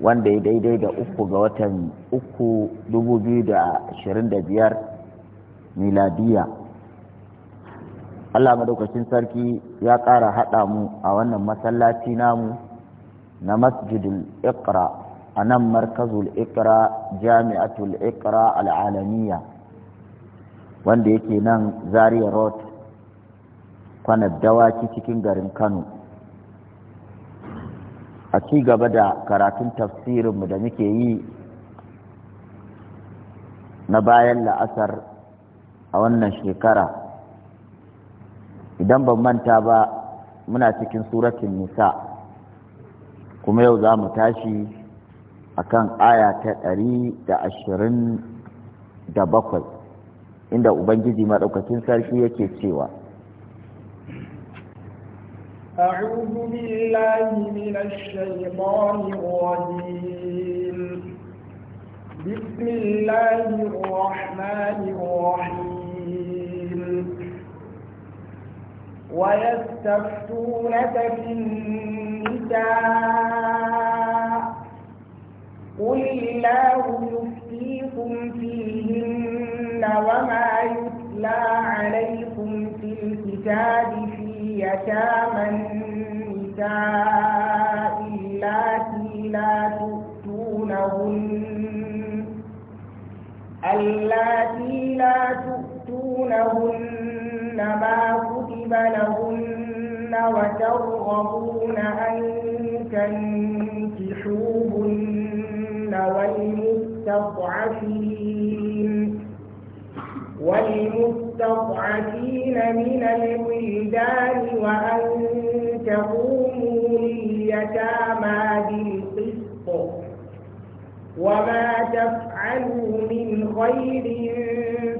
wanda ya daidai da uku ga watan uku dubu biyu da ashirin da biyar miladiya allah madaukacin sarki ya ƙara haɗa mu a wannan masallaci namu na masjidul iqra a nan markazul iqra jami'atul iqra al'alamiya wanda yake nan zaria road kwanar dawaki cikin garin kano a ci gaba da karatun tafsirinmu da muke yi na bayan la'asar a wannan shekara idan ban manta ba muna cikin suratun nisa kuma yau za mu tashi a kan aya ta ɗari da ashirin da bakwai inda ubangiji maɗaukacin sarki yake cewa أعوذ بالله من الشيطان الرجيم بسم الله الرحمن الرحيم ويستفتونك في النساء قل الله يفتيكم فيهن وما يتلى عليكم في الكتاب في يتامى النساء اللاتي لا تؤتونهن اللاتي لا تؤتونهن ما كتب لهن وترغبون أن تنكحوهن والمستضعفين والمستضعفين المستضعفين من الولدان وأن تقوموا لليتامى بالقسط وما تفعلوا من خير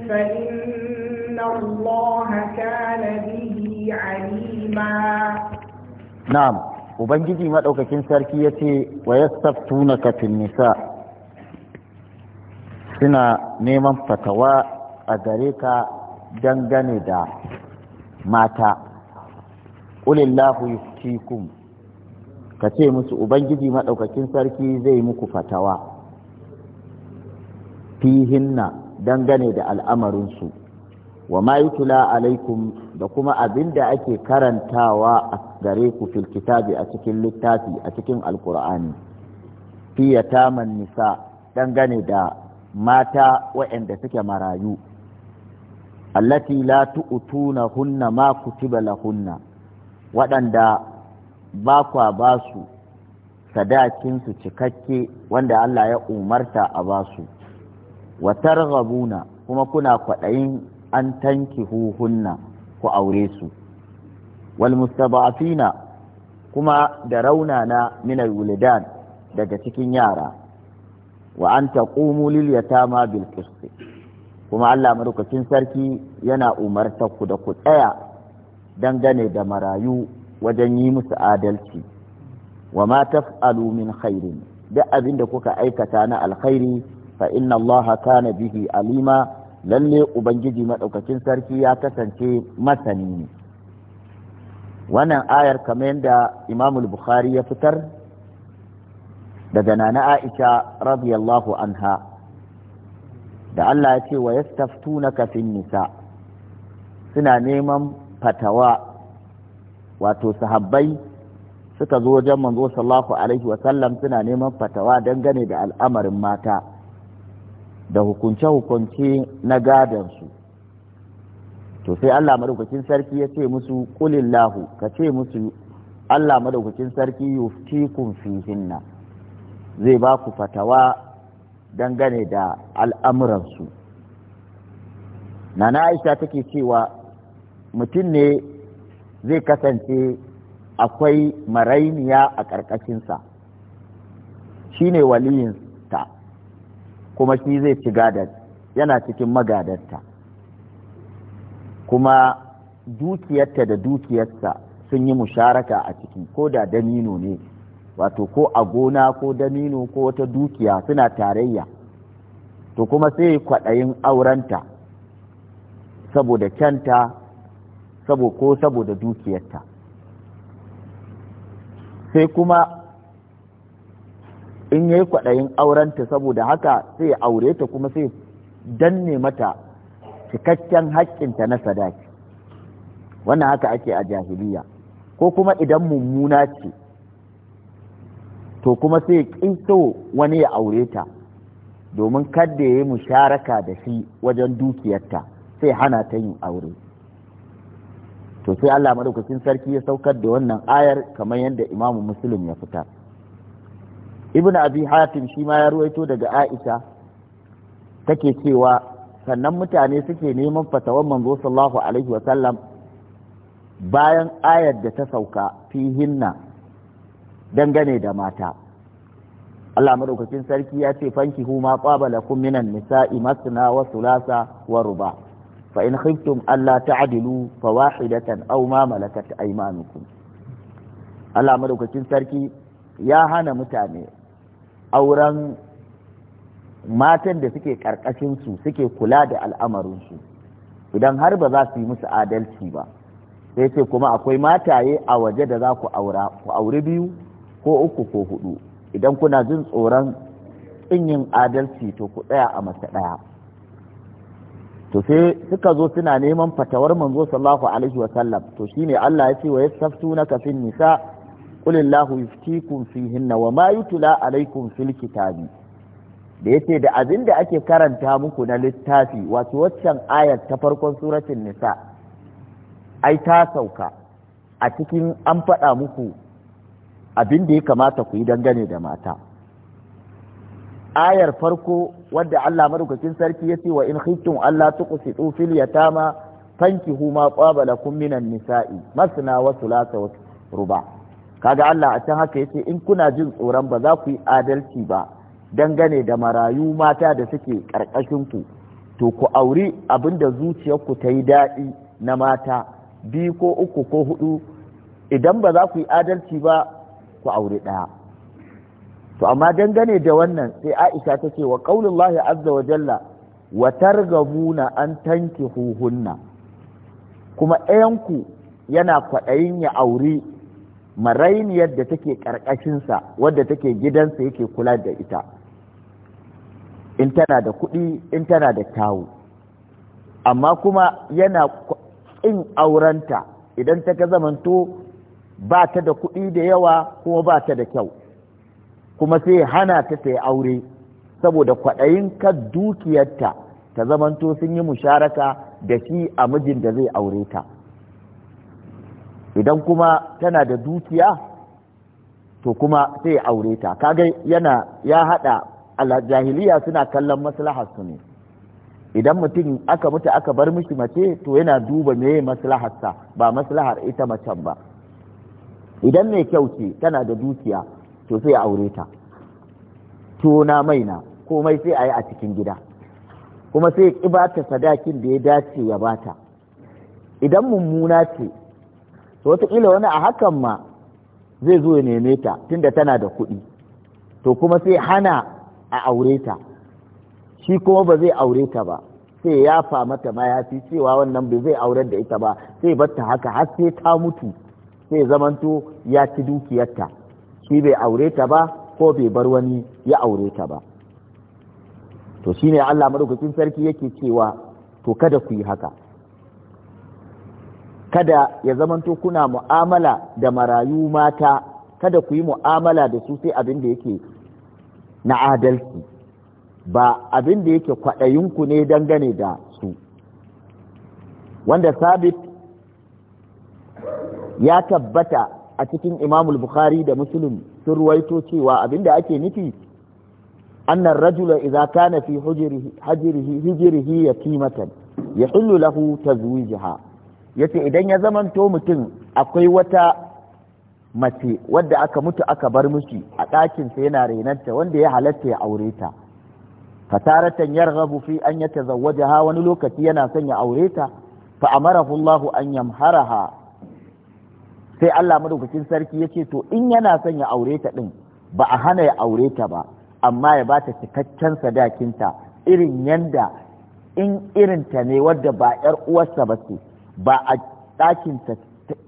فإن الله كان به عليما نعم وبنجي ما دوكاكين ساركي يتي ويستفتونك في النساء suna neman fatawa a gare ka dangane da mata ƙulillahu yuftikum ka ce musu ubangiji maɗaukakin sarki zai muku fatawa fihinna dangane da al'amarinsu wa ma yutula alaikum da kuma abin da ake karantawa a gare ku fil kitabi a cikin littafi a cikin alkur'ani fiye taman nisa dangane da mata waɗanda suke marayu allati la tu'tuna hunna ma kutiba lahunna waɗanda ba kwa ba su sadakinsu cikakke wanda Allah ya umarta a ba su wa targhabuna kuma kuna kwaɗayin an tanki huhunna ku aure su wal mustaba'afina kuma da raunana minal wulidan daga cikin yara wa an taqumu lil yatama bil qisti kuma Allah maɗaukacin sarki yana umarta ku da ku tsaya dangane da marayu wajen yi musu adalci wa ma taf'alu min khairin duk abin da kuka aikata na alkhairi fa inna Allah kana bihi alima lalle ubangiji madaukakin sarki ya kasance masani ne wannan ayar kamar yadda Imam Bukhari ya fitar daga nana Aisha radiyallahu anha da Allah ya ce wa na kafin nisa suna neman fatawa wato sahabbai suka zo wajen manzo sallallahu alaihi wa sallam suna neman fatawa dangane da al'amarin mata da hukunce-hukunce na gadansu to sai Allah madaukakin sarki ya ce musu kulillahu ka ce musu Allah madaukakin sarki yuftikum fihinna zai ba ku fatawa dangane da al'amuransu nana aisha take cewa mutum ne zai kasance akwai marainiya a ƙarƙashinsa shi ne waliyinsa kuma shi zai ci gadar yana cikin magadarta kuma dukiyarta da dukiyarsa sun yi musharaka a ciki ko da damino ne wato ko a gona ko damino ko wata dukiya suna tarayya to kuma sai kwaɗayin aurenta saboda kyanta sabo ko saboda dukiyarta sai kuma in yayi kwaɗayin aurenta saboda haka sai aureta aure ta kuma sai danne mata cikakken haƙƙinta na sadaki wannan haka ake a jahiliya ko kuma idan mummuna ce to kuma sai ƙiso wani ya aure ta domin kada ya yi musharaka da shi wajen dukiyarta sai hana ta yin aure to sai Allah madaukakin sarki ya saukar da wannan ayar kamar yadda imamu muslim ya fita ibn abi hatim shi ma ya ruwaito daga aisha take cewa sannan mutane suke neman fatawar manzo sallallahu alaihi sallam bayan ayar da ta sauka fi hinna. dangane da mata Allah madaukakin sarki ya ce fanki ma qabala kum minan nisa'i masna wa thulatha wa ruba fa in khiftum alla ta'dilu wahidatan aw ma malakat aymanukum Allah madaukakin sarki ya hana mutane auren matan da suke karkashin su suke kula da al'amarin su idan har ba za su yi musu adalci ba sai ce kuma akwai mataye a waje da za ku aura ku aure biyu ko uku ko hudu idan kuna jin tsoron yin adalci to ku tsaya a mace ɗaya to sai suka zo suna neman fatawar manzo sallallahu alaihi wa sallam to shine Allah ya ce wa yastaftunaka kafin nisa qul illahu yuftikum fihinna wa ma yutla alaikum fil kitabi da yace da abin da ake karanta muku na littafi wato waccan ayat ta farkon suratul nisa ai ta sauka a cikin an faɗa muku abin da ya kamata ku yi dangane da mata ayar farko wadda Allah madaukakin sarki ya ce wa in khiftum Allah tuqsitu fil yatama fankihu ma qaba ƙwabala minan nisa'i masna wasu thulatha wa ruba kaga Allah a can haka ya ce in kuna jin tsoron ba za ku yi adalci ba dangane da marayu mata da suke karkashin ku to ku auri abin da zuciyarku ta yi daɗi na mata biyu ko uku ko hudu idan ba za ku yi adalci ba ku aure ɗaya to amma dangane da wannan sai aisha ta ce wa qaulullahi azza wa jalla wa targabuna an tanki huhunna kuma ɗayanku yana kwaɗayin ya aure marainiyar da take ƙarƙashinsa wadda take gidansa yake kula da ita in tana da kuɗi in tana da kyawu, amma kuma yana ƙin aurenta idan ta ka zamanto ba ta da kuɗi da yawa kuma ba ta da kyau kuma sai hana ta ta yi aure saboda kwaɗayin kan dukiyarta ta zamanto sun yi musharaka da shi a mijin da zai aure ta idan kuma tana da dukiya to kuma sai aure ta kaga yana ya haɗa jahiliya suna kallon maslahar su ne idan mutum aka mutu aka bar mishi mace to yana duba maslahar maslaharsa ba maslahar ita macen ba idan mai kyau ce tana da dukiya to sai a aure ta tona maina komai sai a yi a cikin gida kuma sai ya ta sadakin da ya dace ya bata idan mummuna ce to wataƙila wani a hakan ma zai zo ya neme ta tunda tana da kuɗi to kuma sai hana a aure ta shi kuma ba zai aure ta ba sai ya fa mata ma fi cewa wannan bai zai aurar da ita ba sai batta haka har sai ta mutu sai zamanto ya ci dukiyarta shi bai aure ta ba ko bai bar wani ya aure ta ba to shine Allah madaukakin sarki yake cewa to kada ku yi haka kada ya zamanto kuna mu'amala da marayu mata kada ku yi mu'amala da su sai abin da yake na adalci ba abin da yake kwaɗayinku ne dangane da su wanda sabit ya tabbata a cikin imamul bukhari da musulun sun ruwaito cewa abinda ake nufi annan rajula idza kana fi hijrihi hijrihi yatimatan yahillu lahu tazwijaha yace idan ya zamanto mutum akwai wata mace wadda aka mutu aka bar mishi a ɗakinsa yana renanta wanda ya halatta ya aure ta fataratan yarghabu fi an yatazawwajaha wani lokaci yana son ya aure ta fa amarahu Allah an yamharaha sai Allah madaukakin sarki ya ce to in yana son ya aure ta ɗin ba a hana ya aure ta ba amma ya ba ta cikakken sadakinta irin yanda in irinta ne wadda ba 'yar uwarsa ba ce ba a ɗakinsa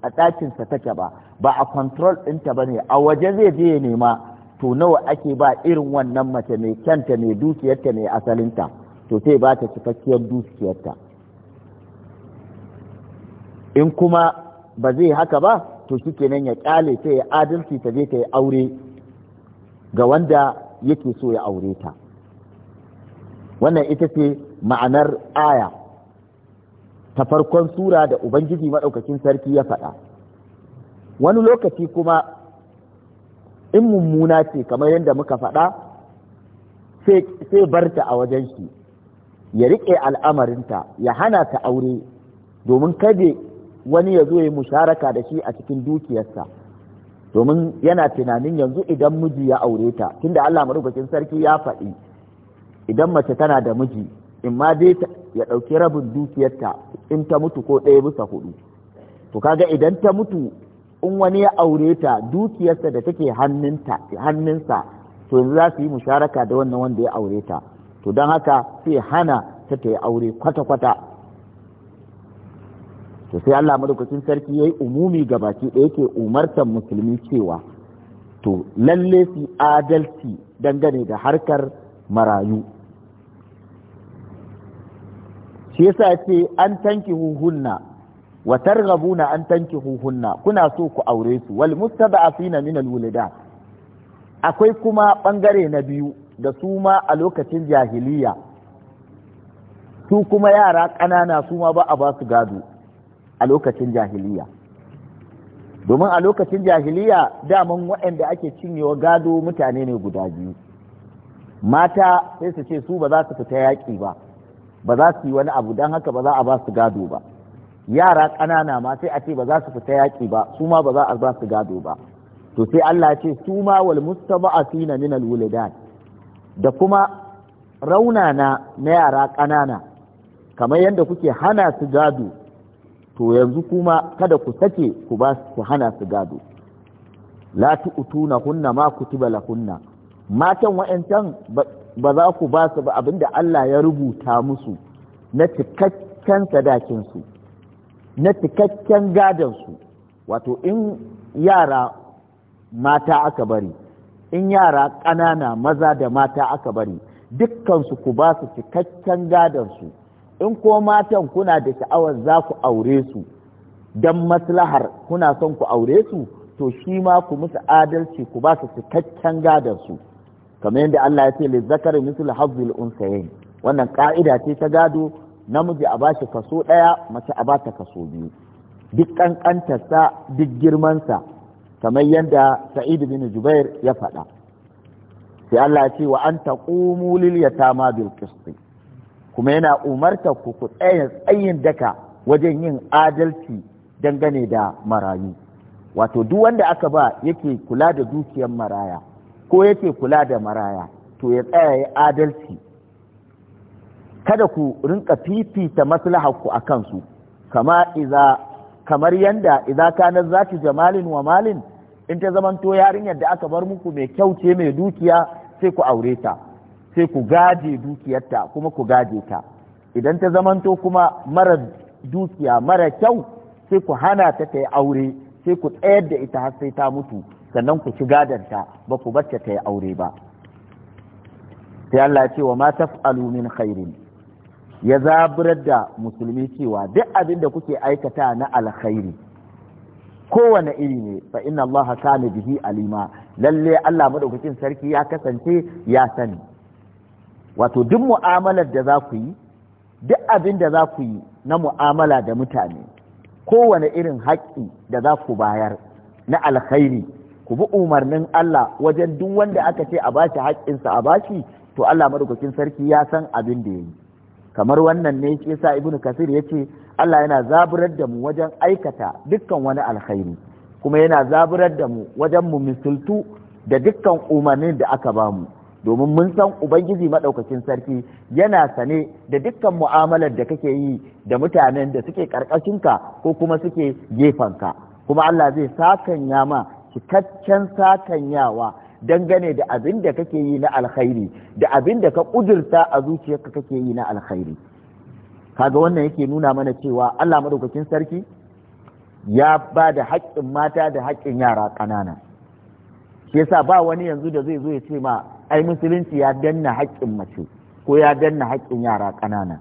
a take ba ba a control ɗinta ba ne a waje zai je ya nema to nawa ake ba irin wannan mace mai kyanta mai dukiyarta mai asalinta to sai ba ta cikakkiyar dukiyarta in kuma ba zai haka ba to shikenan ya kyale ta ya adalci ta je ta yi aure ga wanda yake so ya aure ta wannan ita ce ma'anar aya ta farkon sura da ubangiji maɗaukacin sarki ya faɗa wani lokaci kuma in mummuna ce kamar yadda muka faɗa sai barta a wajen shi ya riƙe al'amarinta ya hana ta aure domin kada wani ya zo ya musharaka da shi a cikin dukiyarsa domin yana tunanin yanzu idan miji ya aure ta tunda Allah madaukakin sarki ya faɗi idan mace tana da miji in ma dai ya ɗauki rabin dukiyarta in ta mutu ko ɗaya bisa hudu to kaga idan ta mutu in wani ya aure ta dukiyarsa da take hannunta hannunsa to yanzu za su yi musharaka da wannan wanda ya aure ta to don haka sai hana ta ta yi aure kwata-kwata to sai Allah madaukakin sarki yayi umumi ga baki da yake umartar musulmi cewa to lalle su adalci dangane da harkar marayu shi yasa ce an tanki huhunna wa targhabuna an tanki huhunna kuna so ku aure su wal mustada'afina min al akwai kuma bangare na biyu da su ma a lokacin jahiliya su kuma yara ƙanana su ma ba a ba su gado a lokacin jahiliya domin a lokacin jahiliya daman waɗanda ake cinyewa gado mutane ne guda biyu mata sai su ce su ba za su fita yaƙi ba ba za su yi wani abu don haka ba za a ba su gado ba yara ƙanana ma sai a ce ba za su fita yaƙi ba su ma ba za a ba su gado ba to sai Allah ce su ma wal mustaba'asina min al da kuma raunana na yara ƙanana kamar yadda kuke hana su gado to yanzu kuma kada ku sake ku ba su hana su gado la tu'tuna hunna ma kutiba lahunna matan can ba za ku ba su ba abinda Allah ya rubuta musu na cikakken sadakin su na cikakken gadon su wato in yara mata aka bari in yara ƙanana maza da mata aka bari dukkansu ku ba su cikakken gadon su in ko matan kuna da sha'awar za ku aure su don maslahar kuna son ku aure su to shi ma ku musu adalci ku ba su cikakken gadar su kamar yadda Allah ya ce li zakari misl hazzul unsayin wannan ka'ida ce ta gado namiji a bashi kaso ɗaya mace a bata kaso biyu duk kankantarsa duk girmansa kamar yadda sa'id bin jubair ya faɗa sai Allah ya ce wa an taqumu lil yatama bil qisti kuma yana umarta ku ku tsaya tsayin daka wajen yin adalci dangane da marayu wato duk wanda aka ba yake kula da dukiyar maraya ko yake kula da maraya to ya tsaya ya adalci kada ku rinka fifita maslahar ku akan su kama iza kamar yanda idza kana ki jamalin wa malin in ta zamanto yarinyar da aka bar muku mai kyau ce mai dukiya sai ku aure ta sai ku gaje dukiyarta kuma ku gaje ta idan ta zamanto kuma mara dukiya mara kyau sai ku hana ta ta yi aure sai ku tsayar da ita har sai ta mutu sannan ku ci gadanta ba ku bacce ta yi aure ba sai Allah ce wa ma taf'alu min khairin ya zaburar da musulmi cewa duk abin da kuke aikata na alkhairi kowane iri ne fa inna Allah kana bihi alima lalle Allah madaukakin sarki ya kasance ya sani wato duk mu'amalar da za ku yi duk abin da za ku yi na mu'amala da mutane kowane irin haƙƙi da za ku bayar na alkhairi ku bi umarnin Allah wajen duk wanda aka ce a bashi haƙƙinsa a bashi to Allah madaukakin sarki ya san abin da ya yi. kamar wannan ne ke sa ibnu kasir ce, Allah yana zaburar da mu wajen aikata dukkan wani alkhairi kuma yana zaburar da mu wajen mu misultu da dukkan umarnin da aka bamu domin mun san ubangiji maɗaukakin sarki yana sane da dukkan mu'amalar da kake yi da mutanen da suke ƙarƙashinka ko kuma suke ka. kuma Allah zai sakanya ma cikakken sakanyawa dangane da abin da kake yi na alkhairi da abin da ka ƙudurta a zuciyarka kake yi na alkhairi kaga wannan yake nuna mana cewa Allah maɗaukakin sarki ya ba da haƙƙin mata da haƙƙin yara ƙanana Ke yasa ba wani yanzu da zai zo ya ce ma ai musulunci ya danna haƙƙin mace ko ya danna haƙƙin yara ƙanana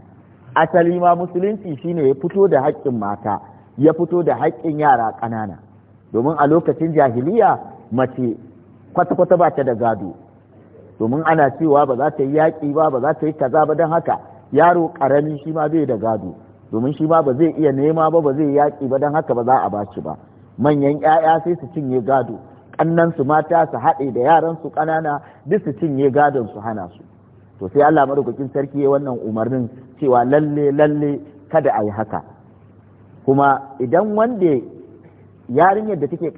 asali ma musulunci shine ya fito da haƙƙin mata ya fito da haƙƙin yara ƙanana domin a lokacin jahiliya mace kwata-kwata ba ta da gado domin ana cewa ba za ta yi yaƙi ba ba za ta yi kaza ba don haka yaro ƙarami shi ma bai da gado domin shi ma ba zai iya nema ba ba zai yaƙi ba don haka ba za a ba shi ba manyan 'ya'ya sai su cinye gado Kannansu mata su haɗe da yaran su ƙanana duk su cinye gadon su hana su to sai Allah madaukakin sarki ya wannan umarnin cewa lalle lalle kada a yi haka kuma idan wanda yarinyar da take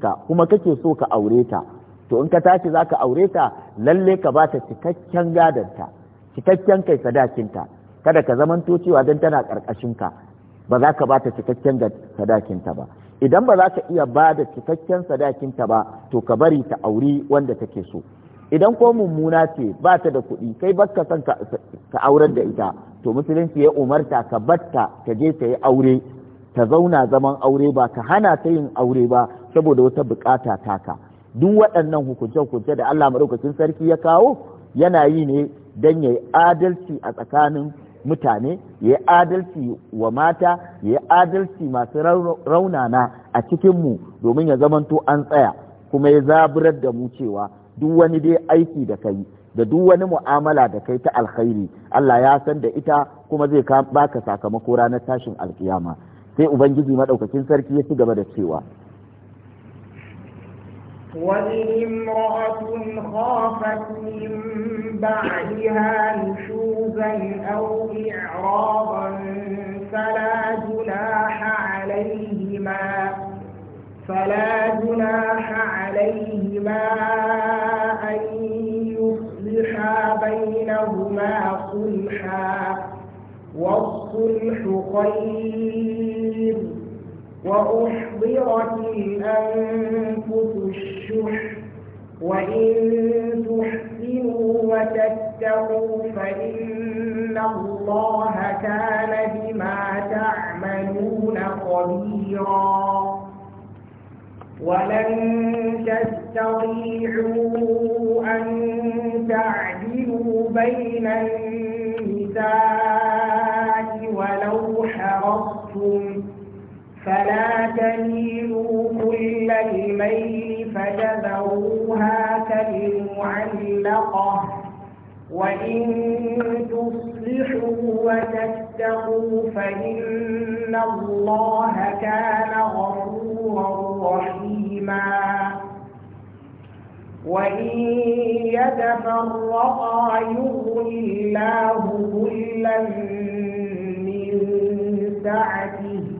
ka kuma kake so ka aure ta to in ka tashi za ka aure ta lalle ka ba ta cikakken gadonta cikakken kai sadakinta kada ka zamanto cewa don tana ka ba za ka ba ta cikakken sadakinta ba idan ba za ka iya ba da cikakken sadakinta ba to ka bari ta auri wanda take so idan ko mummuna ce ba ta da kuɗi kai ka son ka aurar da ita to musulunci ya umarta ka batta ka je ta yi aure ta zauna zaman aure ba ka hana ta yin aure ba saboda wata bukata taka duk waɗannan hukunce-hukunce da Allah maɗaukacin sarki ya kawo yana yi ne don ya yi adalci a tsakanin mutane ya yi adalci wa mata ya yi adalci masu raunana a cikinmu domin ya zamanto an tsaya kuma ya zaburar da mu cewa duk wani dai aiki da kai da duk wani mu'amala da kai ta alkhairi Allah ya san da ita kuma zai baka sakamako ranar tashin alkiyama sai ubangiji madaukakin sarki ya ci gaba da cewa ولامرأة خافت من بعدها نشوزا أو إعراضا فلا جناح عليهما فلا جناح عليهما أن يصلحا بينهما صلحا والصلح خير وأحضرت الأنفس وإن تحسنوا وتتقوا فإن الله كان بما تعملون خبيرا ولن تستطيعوا أن تعدلوا بين النساء ولو حرصتم فلا تميلوا كل الميل فتذروها كالمعلقة وإن تصلحوا وتتقوا فإن الله كان غفورا رحيما وإن يتفرقا يغني الله كلا من سعته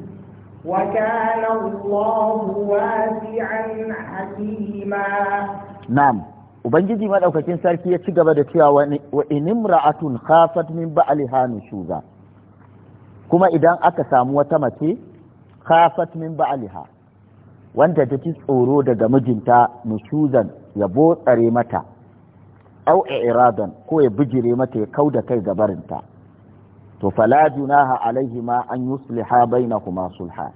وكان الله واسعا حكيما نعم Ubangiji madaukakin sarki ya ci gaba da cewa wa inimra'atun khafat min ba'liha nushuza kuma idan aka samu wata mace khafat min ba'liha wanda ta ci tsoro daga mijinta nushuzan ya botsare mata au iradan ko ya bijire mata ya kauda kai gabarinta to fala junaha ma an yusliha kuma sulha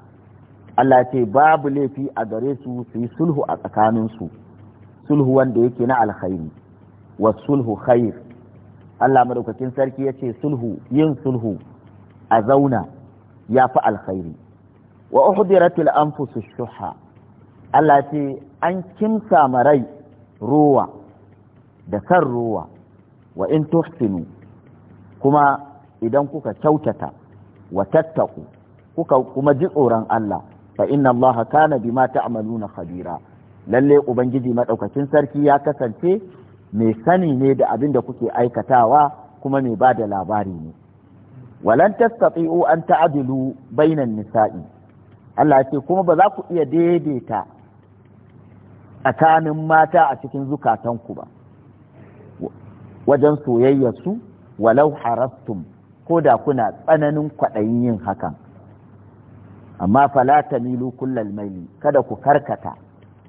Allah ce babu laifi a gare su su yi sulhu a tsakaninsu sulhu wanda yake na alkhairi wa sulhu khair Allah madaukakin sarki ya ce sulhu yin sulhu a zauna ya fi alkhairi wa uhdiratil anfusu shuha Allah ce an kimsa marai ruwa da kan ruwa wa in tuhsinu kuma idan kuka kyautata wa tattaku kuka kuma ji tsoron Allah fa inna Allah kana bima ta'maluna khabira lalle ubangiji madaukakin sarki ya kasance mai sani ne da abin da kuke aikatawa kuma mai ba da labari ne walan tastati'u an ta'dilu bainan nisa'i Allah ce kuma ba za ku iya daidaita tsakanin mata a cikin zukatanku ba wajen su walau harastum ko da kuna tsananin kwaɗayin yin hakan amma fala tamilu kullal maili kada ku karkata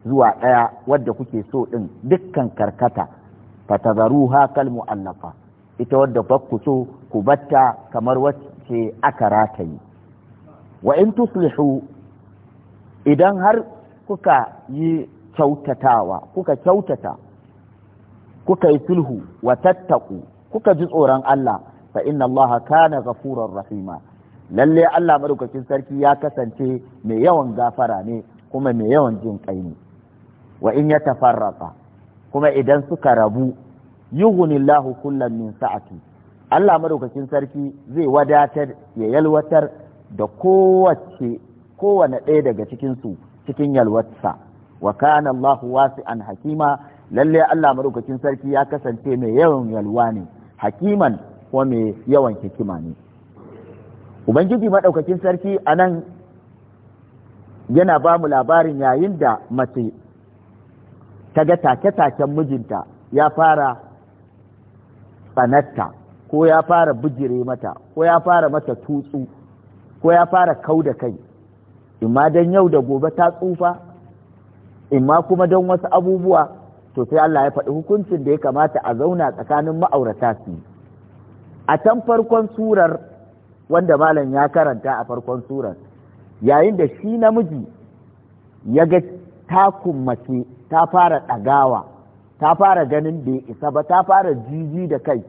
zuwa ɗaya wadda kuke so ɗin dukkan karkata fatazaruha hakal mu'allafa ita wadda ba so ku batta kamar wacce aka rataye wa in tuslihu idan har kuka yi kyautatawa kuka kyautata kuka yi sulhu wa tattaku kuka ji tsoron Allah fa inna allaha kana ghafurar rahima lalle Allah madaukakin sarki ya kasance mai yawan gafara ne kuma mai yawan jin kai ne wa in ya tafarraka kuma idan suka rabu yughnillahu kullan min sa'ati Allah madaukakin sarki zai wadatar ya yalwatar da kowace kowane ɗaya daga cikinsu cikin yalwatsa. wa kana Allahu wasi'an hakima lalle Allah madaukakin sarki ya kasance mai yawan yalwa ne hakiman kuma mai yawan hikima ne ubangiji maɗaukakin sarki a nan yana ba mu labarin yayin da mace ta ga take-taken mijinta ya fara tsanatta ko ya fara bijire mata ko ya fara mata tutsu ko ya fara kau da kai imma don yau da gobe ta tsufa imma kuma don wasu abubuwa to sai Allah ya faɗi hukuncin da ya kamata a zauna tsakanin ma'aurata su a can farkon surar wanda malam ya karanta a farkon surar yayin da shi namiji ya ga takun mace ta fara ɗagawa ta fara ganin bai isa ba ta fara jiji da kai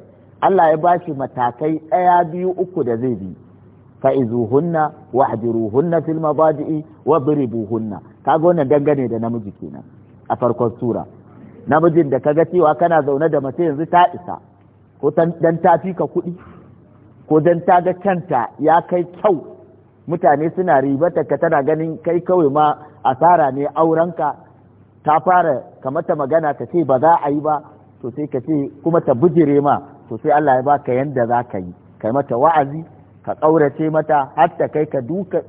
Allah ya ba shi matakai ɗaya biyu uku da zai bi fa'izuhunna wa hajiruhunna fil mabaji'i wa ka kaga wannan dangane da namiji kenan a farkon sura namijin da kaga cewa kana zaune da mace yanzu ta isa ko dan ta fi ka kuɗi ko dan ta ga kanta ya kai kyau mutane suna ribata ka tana ganin kai kawai ma asara ne aurenka ta fara kamata magana ka ce ba za a yi ba to sai ka ce kuma ta bujire ma to sai Allah ya baka yanda za ka yi ka mata wa'azi ka ƙaurace mata har ta kai ka doke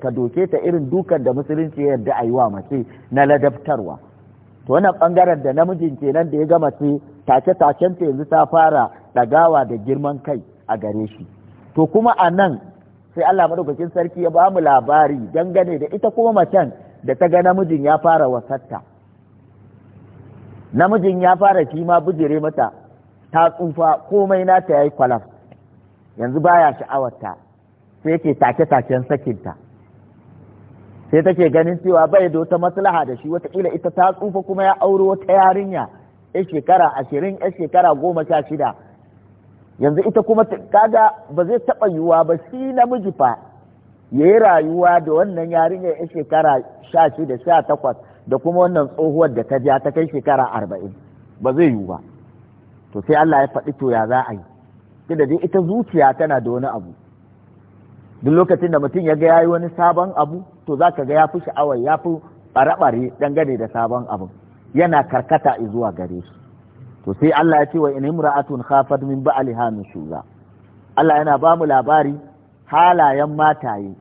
ta irin dukan da musulunci yadda a yi wa mace na ladabtarwa to wannan ɓangaren da namijin kenan da ya ga mace take take yanzu ta fara ɗagawa da girman kai a gare shi to kuma a nan sai Allah madaukakin sarki ya ba mu labari dangane da ita kuma macen da ta ga namijin ya fara wasatta namijin ya fara shi ma bijire mata ta tsufa komai na ta yayi kwalaf yanzu baya sha'awarta sai yake take-taken sakinta sai take ganin cewa bai da wata maslaha da shi wataƙila ita ta tsufa kuma ya auro wata yarinya 'yan shekara ashirin 'yan shekara goma sha shida yanzu ita kuma kaga ba zai taɓa yiwuwa ba shi namiji fa ya yi rayuwa da wannan yarinyar 'yan shekara sha shida sha takwas da kuma wannan tsohuwar da ta ja ta kai shekara arba'in ba zai yiwu ba to sai Allah ya faɗi to ya za a yi tunda dai ita zuciya tana da wani abu duk lokacin da mutum ya ga yayi wani sabon abu to za ka ga ya fi sha'awar ya fi ɓare-ɓare dangane da sabon abu yana karkata zuwa gare su. to sai Allah ya ce wa in imra'atun khafat min ba'liha nushuza Allah yana ba mu labari halayen mataye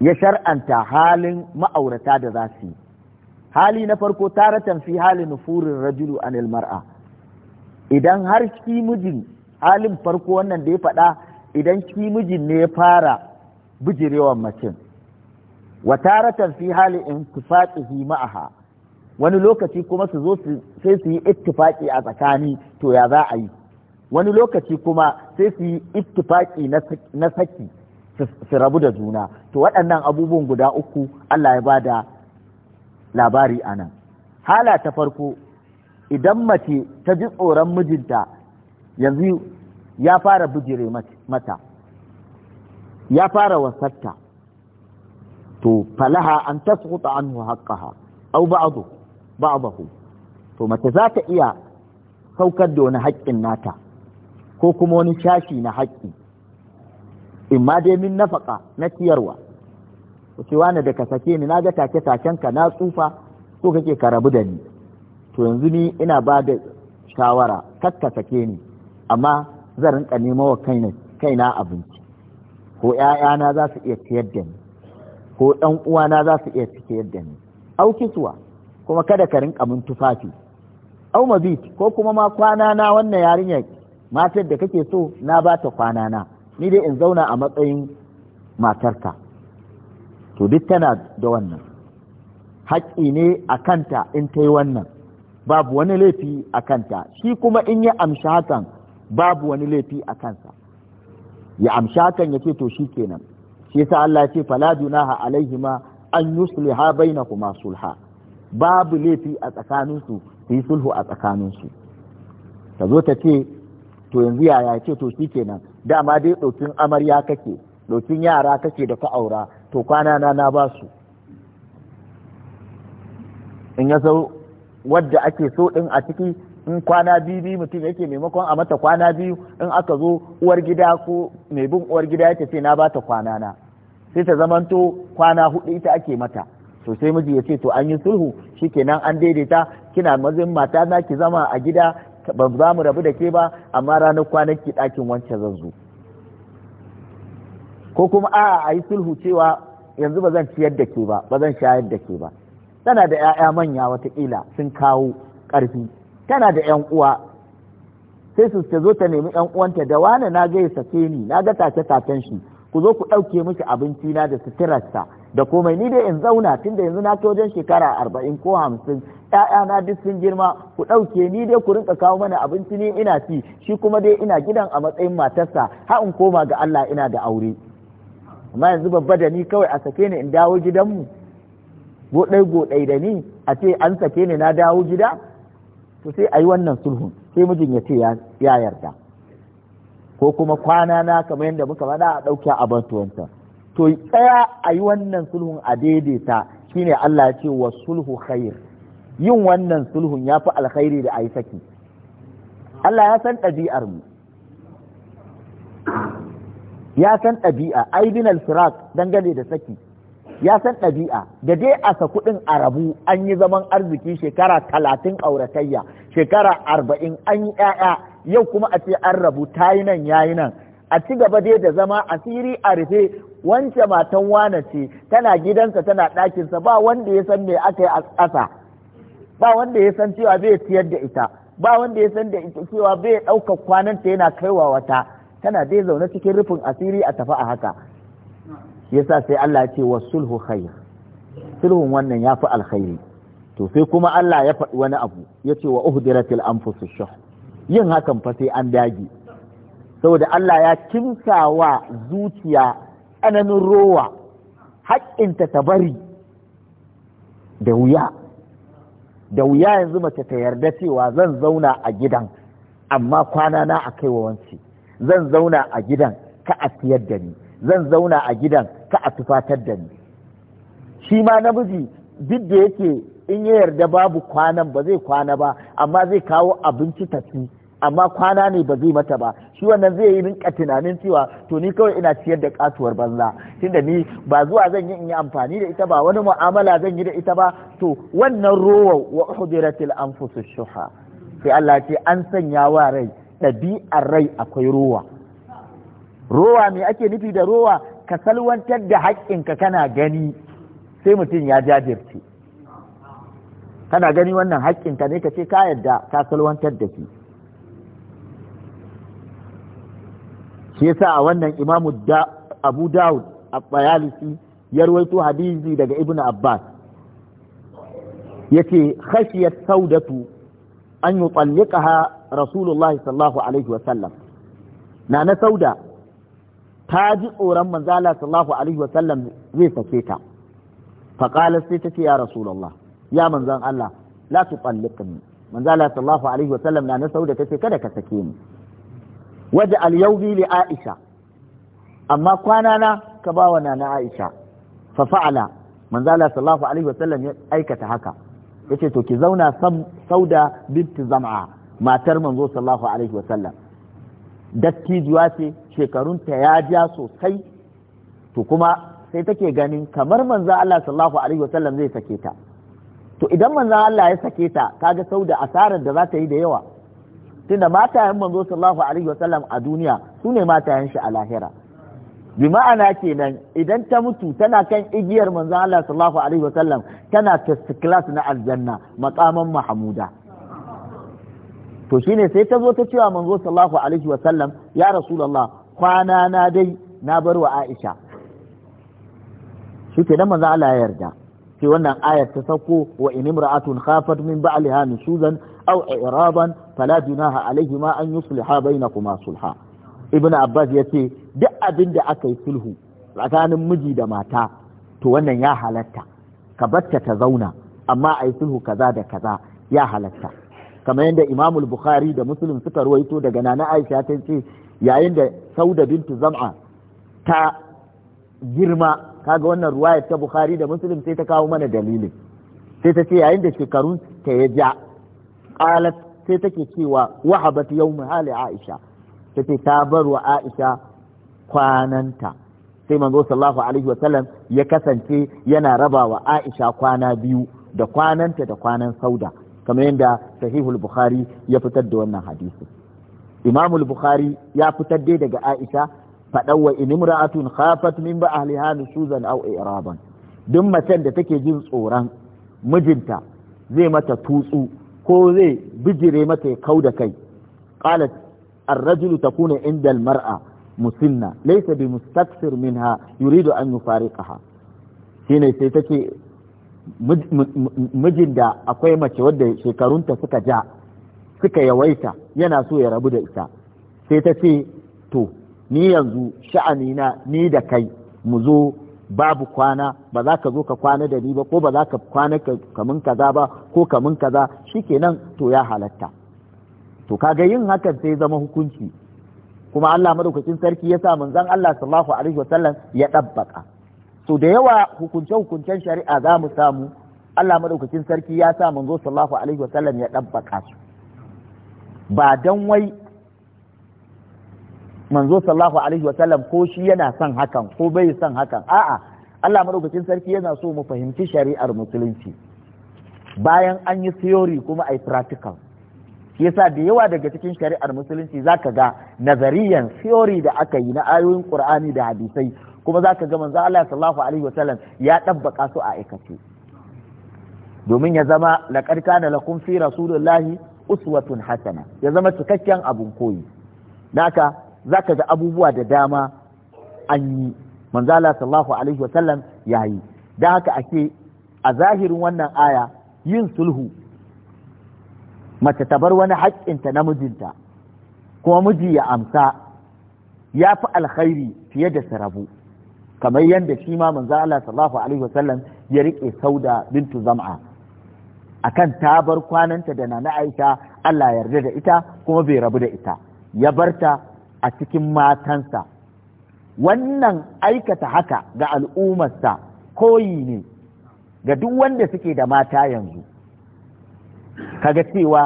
ya shar'anta halin ma'aurata da za su yi hali na farko taratan fi halin nufurin rajulu anil mar'a idan har shi mijin halin farko wannan da ya faɗa idan shi mijin ne ya fara bijirewan macin wa taratan fi halin intifaqihi ma'aha wani lokaci kuma su zo sai su yi ittifaki a tsakani to ya za a yi wani lokaci kuma sai su yi ittifaki na saki su rabu da juna to waɗannan abubuwan guda uku Allah ya ba da labari a nan hala ta farko idan mace ta ji tsoron mijinta yanzu ya fara bijire mata ya fara wasatta to falaha an tasquta anhu haqqaha aw ba'dahu ba'dahu to mace za ta iya saukar da wani haƙƙin nata ko kuma wani shashi na haƙƙi In ma dai min nafaka na ciyarwa ce wani da ka sake ni na ga take taken ka na tsufa ko kake ka rabu da ni to yanzu ni ina ba da shawara kar ka sake ni amma zan rinka nemo wa kaina abinci ko ‘ya'yana za su iya ciyar da ni ko ‘yan uwana za su iya ciyar da ni aukiswa kuma kada ka rinka mun tufafi au mabit ko kuma ma kwana na wannan yarinyar matar da kake so na ba ta kwana na ni dai in zauna a matsayin matarka to duk tana da wannan haƙƙi ne a kanta in ta yi wannan babu wani laifi a kanta shi kuma in ya amshi hakan babu wani laifi a kansa ya amshi hakan ya ce to shi kenan shi yasa Allah ya ce fala junaha alaihima an yusliha bainakuma sulha babu laifi a tsakaninsu su yi sulhu a tsakaninsu ta zo ta ce to yanzu yaya ce to shi kenan dama dai ɗokin amarya kake ɗokin yara kake da ka aura to kwana na na ba su in ya sau wadda ake so ɗin a ciki in kwana biyu biyu mutum yake maimakon a mata kwana biyu in aka zo uwar gida ko mai bin uwar gida ya ce na ba ta kwana na sai ta zamanto kwana hudu ita ake mata to sai miji ya ce to an yi sulhu shi shikenan an daidaita kina mazin mata na ki zama a gida ba za mu rabu da ke ba amma ranar kwanan ki ɗakin wancan zan zo ko kuma a a yi sulhu cewa yanzu ba zan ciyar da ke ba ba zan shayar da ke ba tana da 'ya'ya manya watakila sun kawo ƙarfi tana da 'yan uwa sai su ta zo ta nemi 'yan uwanta da wani na ga ya sake ni na ga take taken shi ku zo ku ɗauke miki abinci na da suturarsa da komai ni dai in zauna tun da yanzu na kai wajen shekara arba'in ko hamsin ‘ya'yana duk sun girma ku ɗauke ni dai ku rinka kawo mana abinci ni ina ci shi kuma dai ina gidan a matsayin matarsa ha in koma ga Allah ina da aure amma yanzu babba da ni kawai a sake ni in dawo gidanmu goɗai goɗai da ni a ce an sake ni na dawo gida to sai a yi wannan sulhun sai mijin ya ce ya yarda ko kuma kwana na kamar yadda muka faɗa a ɗauke a bantuwanta to tsaya a yi wannan sulhun a daidaita shine Allah ya ce wa sulhu khair yin wannan sulhun ya fi alkhairi da a yi saki Allah ya san ɗabi'ar mu ya san ɗabi'a aibin al-firaq dangane da saki ya san ɗabi'a da dai a sa kuɗin a rabu an yi zaman arziki shekara talatin auratayya shekara arba'in an yi ƴaƴa yau kuma a ce an rabu ta yi nan ya yi nan a ci gaba dai da zama asiri a rufe wance matan wane ce tana gidansa tana ɗakinsa ba wanda ya san me aka yi a ƙasa ba wanda ya san cewa bai ciyar da ita ba wanda ya san da ita cewa bai ɗaukar kwananta yana kaiwa wata tana dai zaune cikin rufin asiri a tafi a haka yasa sai Allah ya ce wa sulhu khair sulhun wannan ya fi alkhairi to sai kuma Allah ya faɗi wani abu ya ce wa uhdiratil anfusush yin hakan fa sai an dage saboda Allah ya kimsa wa zuciya tsananin rowa haƙƙinta ta bari da wuya da wuya yanzu mace ta yarda cewa zan zauna a gidan amma kwana na a kai wawanci zan zauna a gidan ka a siyar da ni zan zauna a gidan ka a tufatar da ni shi ma namiji duk da yake in ya yarda babu kwanan ba zai kwana ba amma zai kawo abinci tafi amma kwana ne ba zai mata ba shi wannan zai yi rinka tunanin cewa to ni kawai ina ciyar da katuwar banza tunda ni ba zuwa zan yi in yi amfani da ita ba wani mu'amala zan yi da ita ba to wannan rowa wa hudiratil anfusu shuha sai Allah ce an sanya wa rai ɗabi'ar rai akwai rowa rowa me ake nufi da rowa ka salwantar da haƙƙinka kana gani sai mutum ya jajirce kana gani wannan haƙƙinka ne ka ce ka yadda ka salwantar da shi shi yasa a wannan imamu da abu dawud a bayalisi ya rawaito hadisi daga ibnu abbas yace khashiyat saudatu an yutalliqaha rasulullahi sallallahu alaihi wa sallam na na sauda ta ji tsoron manzala sallallahu alaihi wa sallam zai sake ta faqala sai ta ce ya rasulullah ya manzan Allah la tutalliqni manzala sallallahu alaihi wa sallam na na sauda tace kada ka sake ni waje al-yawmi li Aisha amma kwana na ka bawa nana Aisha fa fa'ala manzo Allah sallallahu alaihi wasallam ya aikata haka yace to ki zauna sauda bint zam'a matar manzo sallallahu alaihi wasallam dattijuwa ce ta ya ja sosai to kuma sai take ganin kamar manzo Allah sallallahu alaihi wasallam zai sake ta to idan manzo Allah ya sake ta kaga sauda asarar da za ta yi da yawa tunda matayen manzo sallallahu alaihi wasallam a duniya su ne matayen shi a lahira bi ma'ana kenan idan ta mutu tana kan igiyar manzo Allah sallallahu alaihi wasallam tana first class na aljanna maqaman mahmuda to shine sai ta zo ta cewa manzo sallallahu alaihi wasallam ya rasulullah kwana na dai na bar wa Aisha shi kenan manzo Allah ya yarda sai wannan ayar ta sauko wa inimra'atun imra'atun khafat min ba'liha nusuzan aw i'raban fala junaha alaihima an yusliha kuma sulha ibnu abbas ya ce duk abin da aka yi sulhu tsakanin miji da mata to wannan ya halatta ka batta ta zauna amma a yi sulhu kaza da kaza ya halatta kamar yadda imamul bukhari da muslim suka ruwaito daga nana aisha ta ce yayin da sauda bintu zam'a ta girma kaga wannan ruwaya ta bukhari da muslim sai ta kawo mana dalilin sai ta ce yayin da shekarun ta ya ja qalat sai take cewa wahabat yawm hali aisha take ta bar wa aisha kwananta sai manzo sallallahu alaihi wa sallam ya kasance yana raba wa aisha kwana biyu da kwananta da kwanan sauda kamar yadda sahihul bukhari ya fitar da wannan hadisi imamul bukhari ya fitar dai daga aisha faɗan wa in imra'atun khafat min ba ahliha nusuzan aw i'raban duk macen da take jin tsoron mijinta zai mata tutsu ko zai bijire mata ya kau da kai qalat ar-rajulu takuna inda al-mar'a musinna laysa bi mustakthir minha yuridu an yufariqaha shine sai take mijin da akwai mace wadda shekarunta suka ja suka yawaita yana so ya rabu da ita sai ta ce to ni yanzu sha'anina ni da kai mu zo babu kwana ba za ka zo ka kwana da ni ba ko ba za ka kwana kamun kaza ba ko kamun kaza shikenan to ya halatta to kaga yin hakan sai zama hukunci kuma Allah madaukakin sarki ya sa manzon Allah sallallahu alaihi wasallam ya dabbaka to da yawa hukunce hukuncen shari'a za mu samu Allah madaukakin sarki ya sa manzo sallallahu alaihi wasallam ya dabbaka su ba dan wai manzo sallallahu alaihi wasallam ko shi yana son hakan ko bai son hakan a'a Allah madaukakin sarki yana so mu fahimci shari'ar musulunci bayan an yi theory kuma ai practical yasa da yawa daga cikin shari'ar musulunci zaka ga nazariyan theory da aka yi na ayoyin Qur'ani da hadisai kuma zaka ga manzo Allah sallallahu alaihi wasallam ya dabbaka su a aikace domin ya zama laqad kana lakum fi rasulillahi uswatun hasana ya zama cikakken abun koyi naka za ka ga abubuwa da dama an yi manzala sallallahu alaihi wasallam ya yi da haka ake a zahirin wannan aya yin sulhu mace ta bar wani haƙƙinta na mijinta kuma miji ya amsa ya fi alkhairi fiye da sarabu kamar yadda shi ma manzo Allah sallallahu alaihi wasallam ya rike sauda bintu zam'a akan ta bar kwananta da nana Aisha Allah yarda da ita kuma bai rabu da ita ya barta a cikin matansa wannan aikata haka ga al'ummarsa koyi ne ga duk wanda suke da mata yanzu kaga cewa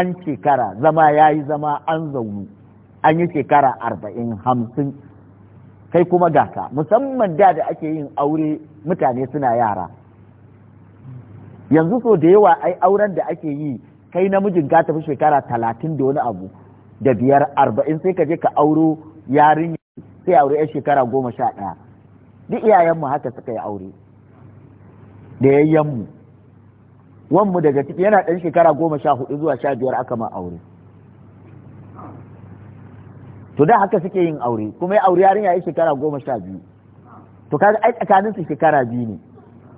an shekara zama ya yi zama an zaunu an yi shekara arba'in hamsin kai kuma gasa musamman da da ake yin aure mutane suna yara yanzu so da yawa ai auren da ake yi kai namijin ka tafi shekara talatin da wani abu da biyar arba'in sai ka je ka auro yarin sai aure yan shekara goma sha ɗaya duk iyayenmu haka suka yi aure da yayyenmu wanmu daga ciki yana ɗan shekara goma sha hudu zuwa sha biyar aka ma aure to da haka suke yin aure kuma ya aure yarinya ya shekara goma sha biyu to kaga ai tsakanin su shekara biyu ne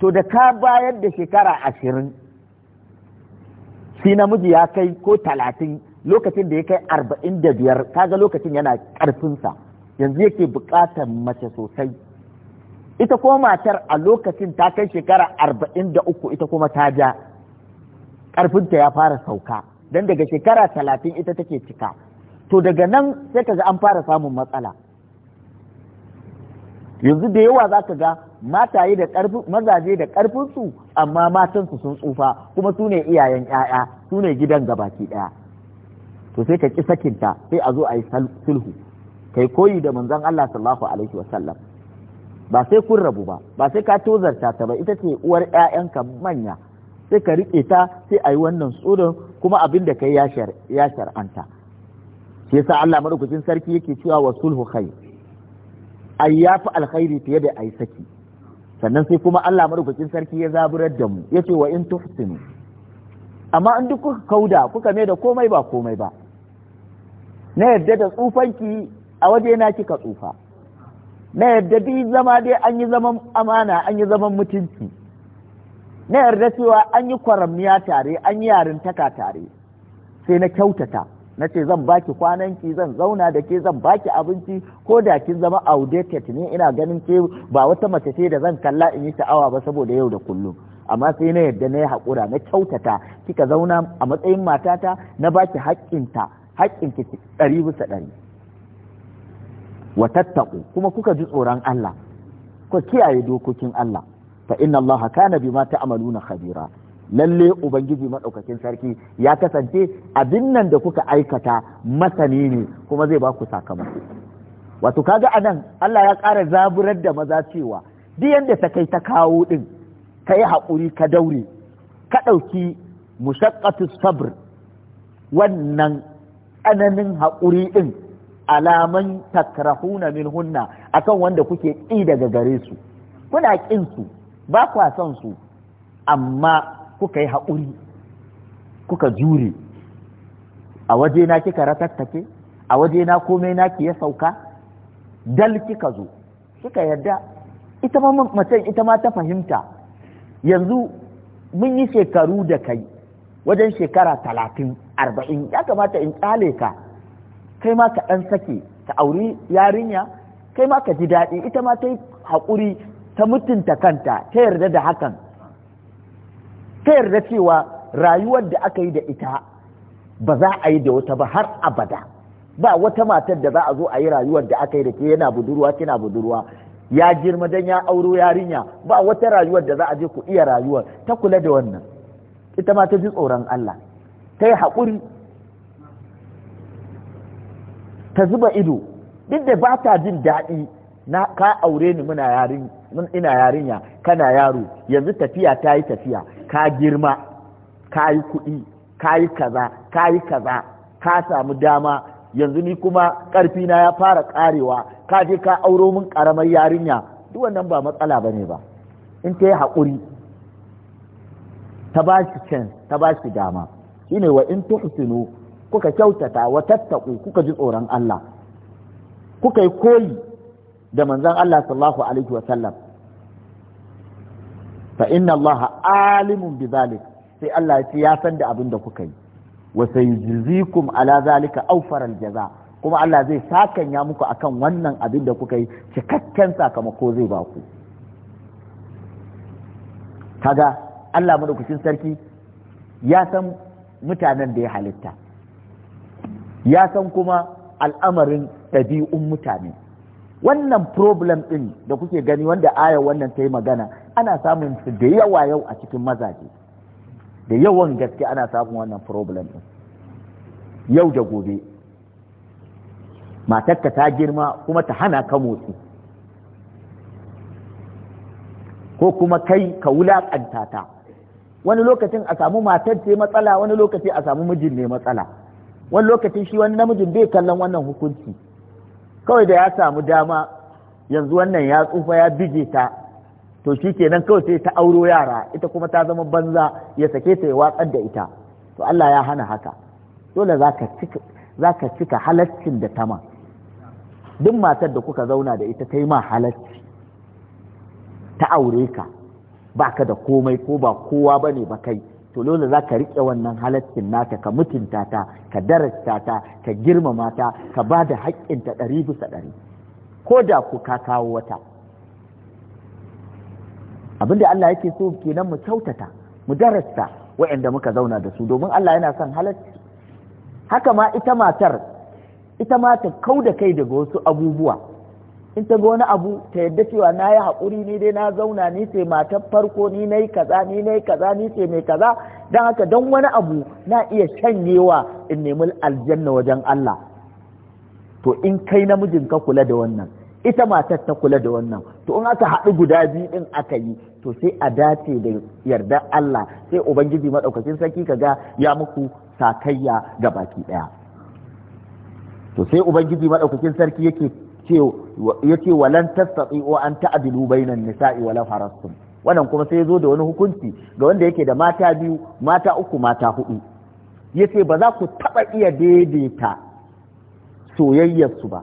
to da ka bayar da shekara ashirin sai namiji ya kai ko talatin lokacin da ya kai arba'in da biyar kaga lokacin yana ƙarfinsa yanzu yake buƙatar mace sosai ita ko matar a lokacin ta kai shekara arba'in da uku ita kuma ta ja ƙarfinta ya fara sauka don daga shekara talatin ita take cika to daga nan sai ka ga an fara samun matsala yanzu da yawa za ka ga mataye da mazaje da ƙarfinsu amma matansu sun tsufa kuma su ne iyayen 'ya'ya su ne gidan gabaki ɗaya to sai ka ki sakinta sai a zo a yi sulhu kai koyi da manzon Allah sallallahu alaihi sallam ba sai kun rabu ba ba sai ka tozarta ta ba ita ce uwar ƴaƴanka manya sai ka riƙe ta sai a yi wannan tsoron kuma abin da kai ya shar'anta shi yasa Allah madaukakin sarki yake cewa wa sulhu khair ai yafi alkhairi fiye da ai saki sannan sai kuma Allah madaukakin sarki ya zaburar da mu yace wa in tuhsinu amma in duk kuka kauda kuka mai da komai ba komai ba na yadda da tsufanki a waje na kika tsufa na yadda duk zama dai an yi zaman amana an yi zaman mutunci na yarda cewa an yi kwaramniya tare an yi yarintaka tare sai na kyautata na ce zan baki kwananki zan zauna da ke zan baki abinci ko da kin zama outdated ne ina ganin ke ba wata mace ce da zan kalla in yi sha'awa ba saboda yau da kullum amma sai na yadda na yi haƙura na kyautata kika zauna a matsayin matata na baki haƙƙinta haƙƙin ki ɗari bisa ɗari wa tattaku kuma kuka ji tsoron Allah ku kiyaye dokokin Allah fa inna Allah kana bima ta'maluna khabira lalle ubangiji madaukakin sarki ya kasance abin nan da kuka aikata masani ne kuma zai ba ku sakamako wato kaga anan Allah ya ƙara zaburar da maza cewa duk yanda ta kai ta kawo din ka yi haƙuri ka daure ka ɗauki mushaqqatu sabr wannan tsananin haƙuri ɗin alaman takrahuna min hunna akan wanda kuke ƙi daga gare su kuna ƙin su ba kwa son su amma kuka yi haƙuri kuka jure a waje na kika ratattake a waje na komai ya sauka dal kika zo kika yarda ita ma macen ita ma ta fahimta yanzu mun yi shekaru da kai wajen shekara talatin arba'in ya kamata in ƙyale ka kai ma ka ɗan sake ka auri yarinya kai ma ka ji daɗi ita ma ta yi haƙuri ta mutunta kanta ta yarda da hakan ta yarda cewa rayuwar da aka yi da ita ba za a yi da wata ba har abada ba wata matar da za a zo a yi rayuwar da aka yi da ke yana budurwa kina budurwa ya girma dan ya auro yarinya ba wata rayuwar da za a je ku iya rayuwar ta kula da wannan ita ma ta ji tsoron Allah ta yi haƙuri ta zuba ido duk da ba ta jin daɗi na ka aure ni muna yarin ina yarinya kana yaro yanzu tafiya ta yi tafiya ka girma ka yi kuɗi ka yi kaza ka yi kaza ka samu dama yanzu ni kuma ƙarfi na ya fara ƙarewa ka je ka auro min ƙaramar yarinya duk wannan ba matsala ba ne ba in ta yi haƙuri ta ba shi ta ba shi dama shine wa in tuhsinu kuka kyautata wa tattaku kuka ji tsoron Allah kuka yi koli da manzon Allah sallallahu alaihi wa fa inna Allah alimun bi zalik sai Allah ya ce ya san da abin da kuka yi wa sayujzikum ala zalika aufar aljaza kuma Allah zai sakanya muku akan wannan abin da kuka yi cikakken sakamako zai ba ku kaga Allah madaukakin sarki ya san mutanen da ya halitta ya san kuma al'amarin ɗabi'un mutane wannan problem ɗin da kuke gani wanda aya wannan ta yi magana ana samun su da yawa yau a cikin mazaje da yawan gaske ana samun wannan problem ɗin yau da gobe matarka ta girma kuma ta hana ka motsi ko kuma kai ka wulaƙanta ta wani lokacin a samu matar ce matsala wani lokaci a samu mijin ne matsala wani lokacin shi wani namijin bai kallon wannan hukunci kawai da ya samu dama yanzu wannan ya tsufa ya bige ta to shi kenan kawai sai ta auro yara ita kuma ta zama banza ya sake ta ya watsar da ita to Allah ya hana haka dole za ka cika halaccin da tama duk matar da kuka zauna da ita ta yi ma halacci ta aure ka baka da komai ko ba kowa bane ba kai to dole za ka riƙe wannan halaccin naka ka mutunta ta ka darasta ta ka girmama ta ka ba da ta ɗari bisa ɗari ko da ku ka kawo wata abinda Allah yake so kenan mu kyautata mu darasta waɗanda muka zauna da su domin Allah yana son halacci haka ma ita matar ita ma ta kau da kai daga wasu abubuwa in ta ga wani abu ta yadda cewa na yi haƙuri ni dai na zauna ni ce matan farko ni na yi kaza ni na yi kaza ni ce mai kaza don haka don wani abu na iya shanyewa in nemi aljanna wajen Allah to in kai namijin ka kula da wannan ita matar ta kula da wannan to in aka haɗu guda biyu ɗin aka yi to sai a dace da yarda Allah sai ubangiji maɗaukacin sarki kaga ya muku sakayya ga baki ɗaya to sai ubangiji maɗaukakin sarki yake ya ce walan tastati'u an ta'dilu bainan nisa'i wala farastum wannan kuma sai zo da wani hukunci ga wanda yake da mata biyu mata uku mata hudu yace ba za ku taba iya daidaita soyayyarsu ba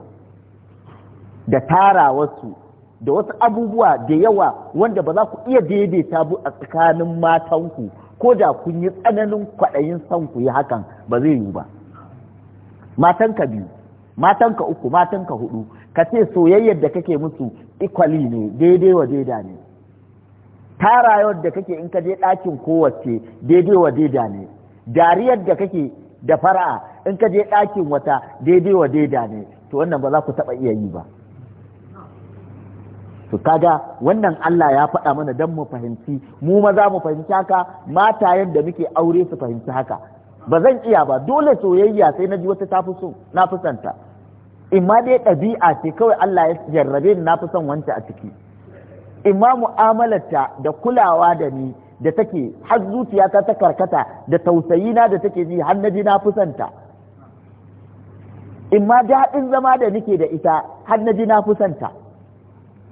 da tarawarsu da wasu abubuwa da yawa wanda ba za ku iya daidaita bu a tsakanin matanku ko da kun yi tsananin kwaɗayin son ku yi hakan ba zai yiwu ba Matan ka biyu matan ka uku matan ka hudu ka ce soyayyar da kake musu ikwali ne daidai wa daida ne tarayar da kake in ka je ɗakin kowace daidai wa daida ne dariyar da kake da fara'a in ka je ɗakin wata daidai wa daida ne to wannan ba za ku taɓa iya yi ba to kaga wannan Allah ya faɗa mana don mu fahimci mu maza mu fahimci haka mata yadda muke aure su fahimci haka ba zan iya ba dole soyayya sai na ji wata ta fi so na fi santa imma dai ɗabi'a ce kawai Allah ya jarrabe ni na fi son wance a ciki imma mu'amalarta da kulawa da ni da take har zuciyata ta karkata da tausayi na da take ji har na ji na fi santa imma daɗin zama da nike da ita har na ji na fi santa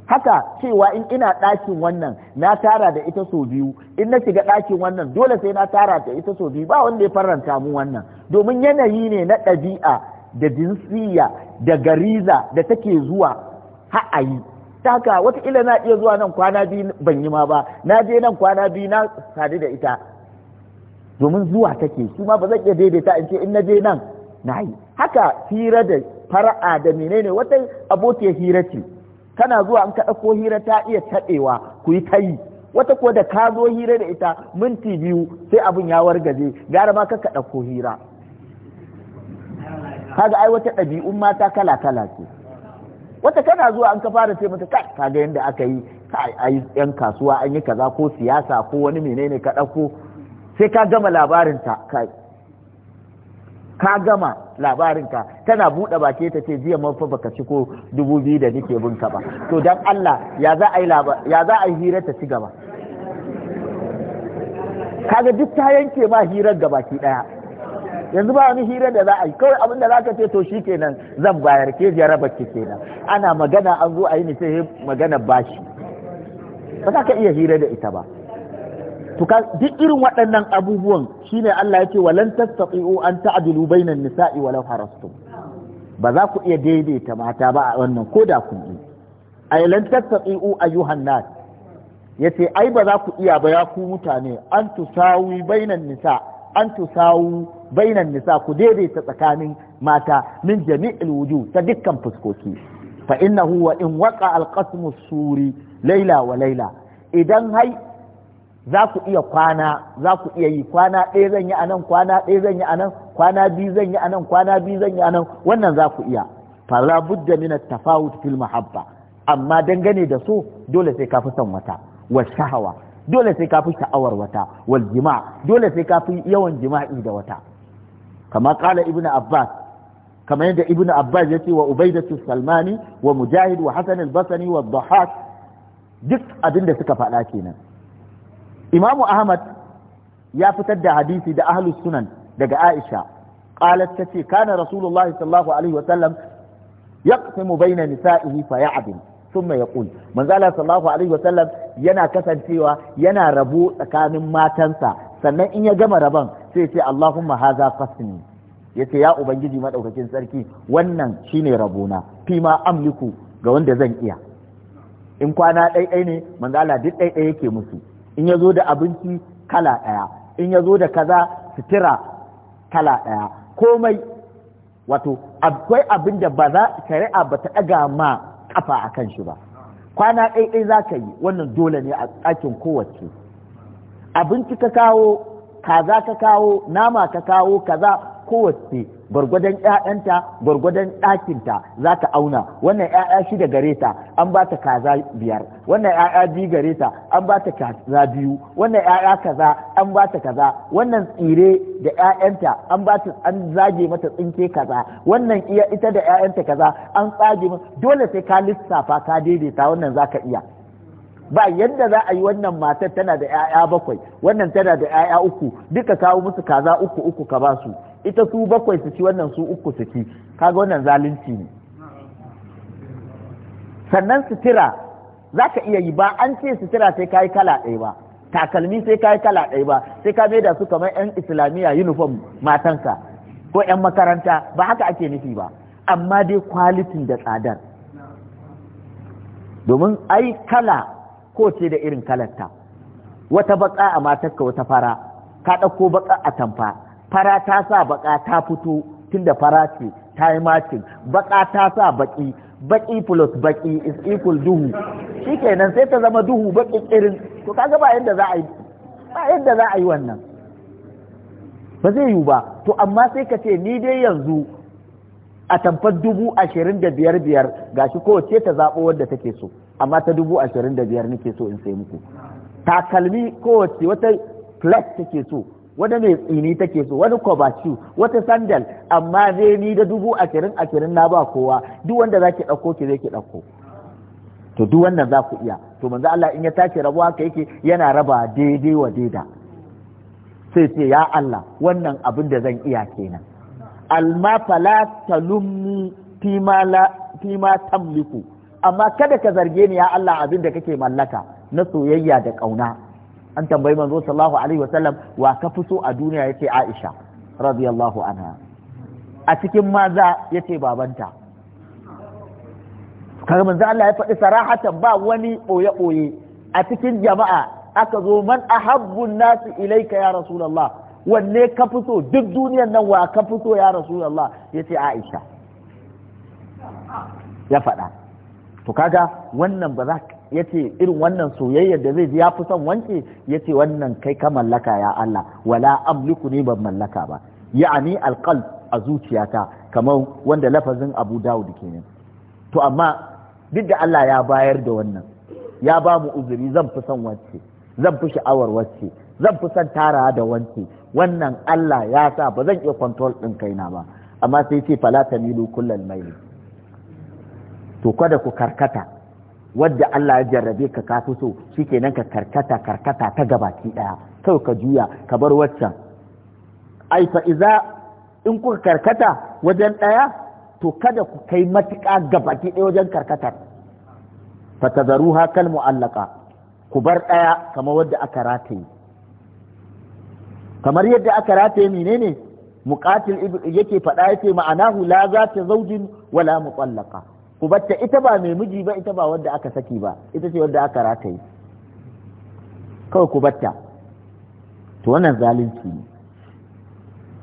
haka cewa in ina ɗakin wannan na tara da ita sau biyu in na shiga ɗakin wannan dole sai na tara da ita sau biyu ba wanda ya faranta mu wannan domin yanayi ne na ɗabi'a da jinsiya da gariza da take zuwa ha'ayi taka ila na iya zuwa nan kwana biyu ban yi ma ba na je nan kwana biyu na sadu da ita domin zuwa take shi ma ba zan iya daidaita in ce in na je nan na yi haka hira da fara'a da menene wata abokiyar hira ce kana zuwa an ka ɗauko hira ta iya taɓewa ku yi ta wata kuwa da ka zo hira da ita minti biyu sai abun ya wargaje gara ma ka ɗauko hira kaga ai wata ɗabi'un mata kala kala ce wata kana zuwa an ka fara ce mata kai kaga yanda aka yi ai yan kasuwa an yi kaza ko siyasa ko wani menene ka ɗauko sai ka gama labarin ta kai ka gama labarin ka, tana buɗe baki ta ce jiya fa baka ci ko dubu biyu da nike bin ka ba to dan Allah ya za a yi ya za a yi hira ta ci gaba kaga duk ta yanke ma hirar gabaki ɗaya yanzu ba wani hira da za a yi kawai abin da za ka ce to shi kenan zan bayar ke rabar ki kenan ana magana an zo a yi ni sai magana bashi ba za ka iya hira da ita ba to duk irin waɗannan abubuwan shine Allah ya ce walan tastati'u an ta'dilu bainan nisa'i walau harastum ba za ku iya daidaita mata ba a wannan ko da kun yi ay lan tastati'u ayuhan nas yace ai ba za ku iya ba ya ku mutane an tusawi bainan nisa an tusawu bainan nisa ku daidaita tsakanin mata min jami'il wuju ta dukkan fuskoki fa innahu wa in waqa alqasmu suri laila wa laila idan hai za ku iya kwana za ku iya yi kwana ɗaya zan yi anan, kwana ɗaya zan yi anan, kwana biyu zan yi anan, kwana biyu zan yi anan. wannan za ku iya fala budda min at-tafawut fil mahabba amma dangane da so dole sai ka fi son wata wa shahawa dole sai ka fi sha'awar wata wal jima' dole sai ka fi yawan jima'i da wata kama kala ibnu abbas kama yadda ibnu abbas yace wa ubaidatu salmani wa mujahid wa hasan al-basri wa dhahak duk abinda suka faɗa kenan imamu ahmad ya fitar da hadisi da ahlus sunan daga aisha qalat tace kana rasulullahi sallallahu alaihi wa sallam yaqsimu bayna nisa'ihi fa ya'dil ثم يقول من قال صلى الله yana kasancewa yana rabu tsakanin matansa sannan in ya gama rabon sai ce Allahumma haza fasni yace ya ubangiji madaukakin sarki wannan shine rabona fi ma amliku ga wanda zan iya in kwana ɗaiɗai ne manzo Allah duk ɗaiɗai yake musu in ya zo da abinci kala ɗaya in ya zo da kaza sutura kala ɗaya komai wato akwai abin da ba za shari'a ba ta ɗaga ma kafa a kan shi ba kwana ɗaiɗai za ka yi wannan dole ne a ɗakin kowace abinci ka kawo kaza ka kawo nama ka kawo kaza kowace gwargwadon ‘ya'yanta gwargwadon ɗakinta za ka auna wannan ‘ya'ya shida gare ta an ba ta kaza biyar wannan ‘ya'ya biyu gare ta an ba ta kaza biyu wannan ‘ya'ya kaza an ba ta kaza wannan tsire da ‘ya'yanta an ba ta an zage mata tsinke kaza wannan iya ita da ‘ya'yanta kaza an tsage mata dole sai ka lissafa ka daidaita wannan za ka iya ba yadda za a yi wannan matar tana da 'ya'ya bakwai wannan tana da 'ya'ya uku duka kawo musu kaza uku uku ka ba su ita su bakwai su ci wannan su uku su ci kaga wannan zalunci ne sannan sutura za ka iya yi ba an ce sutura sai ka yi kala ɗaya ba takalmi sai ka yi kala ɗaya ba sai ka maida su kamar 'yan islamiyya uniform matanka ko 'yan makaranta ba haka ake nufi ba amma dai kwalitin da tsadar domin ai kala Ko ce da irin kalarta wata baka a matarka wata fara ka ɗauko baka a tamfa fara ta sa baka ta fito tunda fara ce ta yi macin baka ta sa baki baki plus baki is equal duhu shikenan sai ta zama duhu baki irin to kaga ba yadda za a yi ba yadda za a yi wannan ba zai yiwu ba to amma sai ka ce ni dai yanzu a tamfar dubu ashirin da biyar biyar ga shi kowace ta zaɓo wadda take so amma ta dubu ashirin da biyar nake so in sai muku takalmi kowace wata plus take so wata mai tsini take so wani kwabaci wata sandal amma zai ni da dubu ashirin ashirin na ba kowa duk wanda za ki ɗauko ki zai ki ɗauko to duk wannan za ku iya to manzo Allah in ya tashi rabuwa haka yake yana raba daidai wa daida sai ce ya Allah wannan abin da zan iya kenan alma fala talumni fima tamliku amma kada ka zarge ni ya Allah abin da kake mallaka na soyayya da kauna an tambayi manzo sallallahu alaihi wasallam wa ka fi so a duniya yace Aisha radiyallahu anha a cikin maza yace babanta kaga manzo Allah ya faɗi sarahatan ba wani ɓoye boye a cikin jama'a aka zo man ahabbu nasi ilaika ya rasulullah wanne ka fi duk duniyar nan wa ka fi so ya Allah? ya ce aisha ya faɗa to kaga wannan ba za ya ce irin wannan soyayyar da zai ji ya fi son wanke ya ce wannan kai ka mallaka ya Allah wala amliku ne ban mallaka ba ya'ani alqalb a zuciyata kamar wanda lafazin Abu Dawud kenan to amma duk da Allah ya bayar da wannan ya ba mu uzuri zan fi son wacce zan fi sha'awar wacce zan fi son tara da wanke. wannan Allah ya sa ba zan iya control ɗin kaina ba amma sai ce fala tamilu kullal maili to kada ku karkata wadda Allah ya jarrabe ka ka so shikenan ka karkata karkata ta gabaki daya kai ka juya ka bar waccan ai fa iza in kuka karkata wajen daya to kada ku kai matuƙa gabaki daya wajen karkatar fatadaruha kal mu'allaqa ku bar daya kamar wadda aka rataye kamar yadda aka rataye menene muqatil yake faɗa yake ma'anahu la za ta zaujin wala mutallaqa ku batta ita ba mai miji ba ita ba wadda aka saki ba ita ce wadda aka rataye kawai ku batta to wannan zalunci ne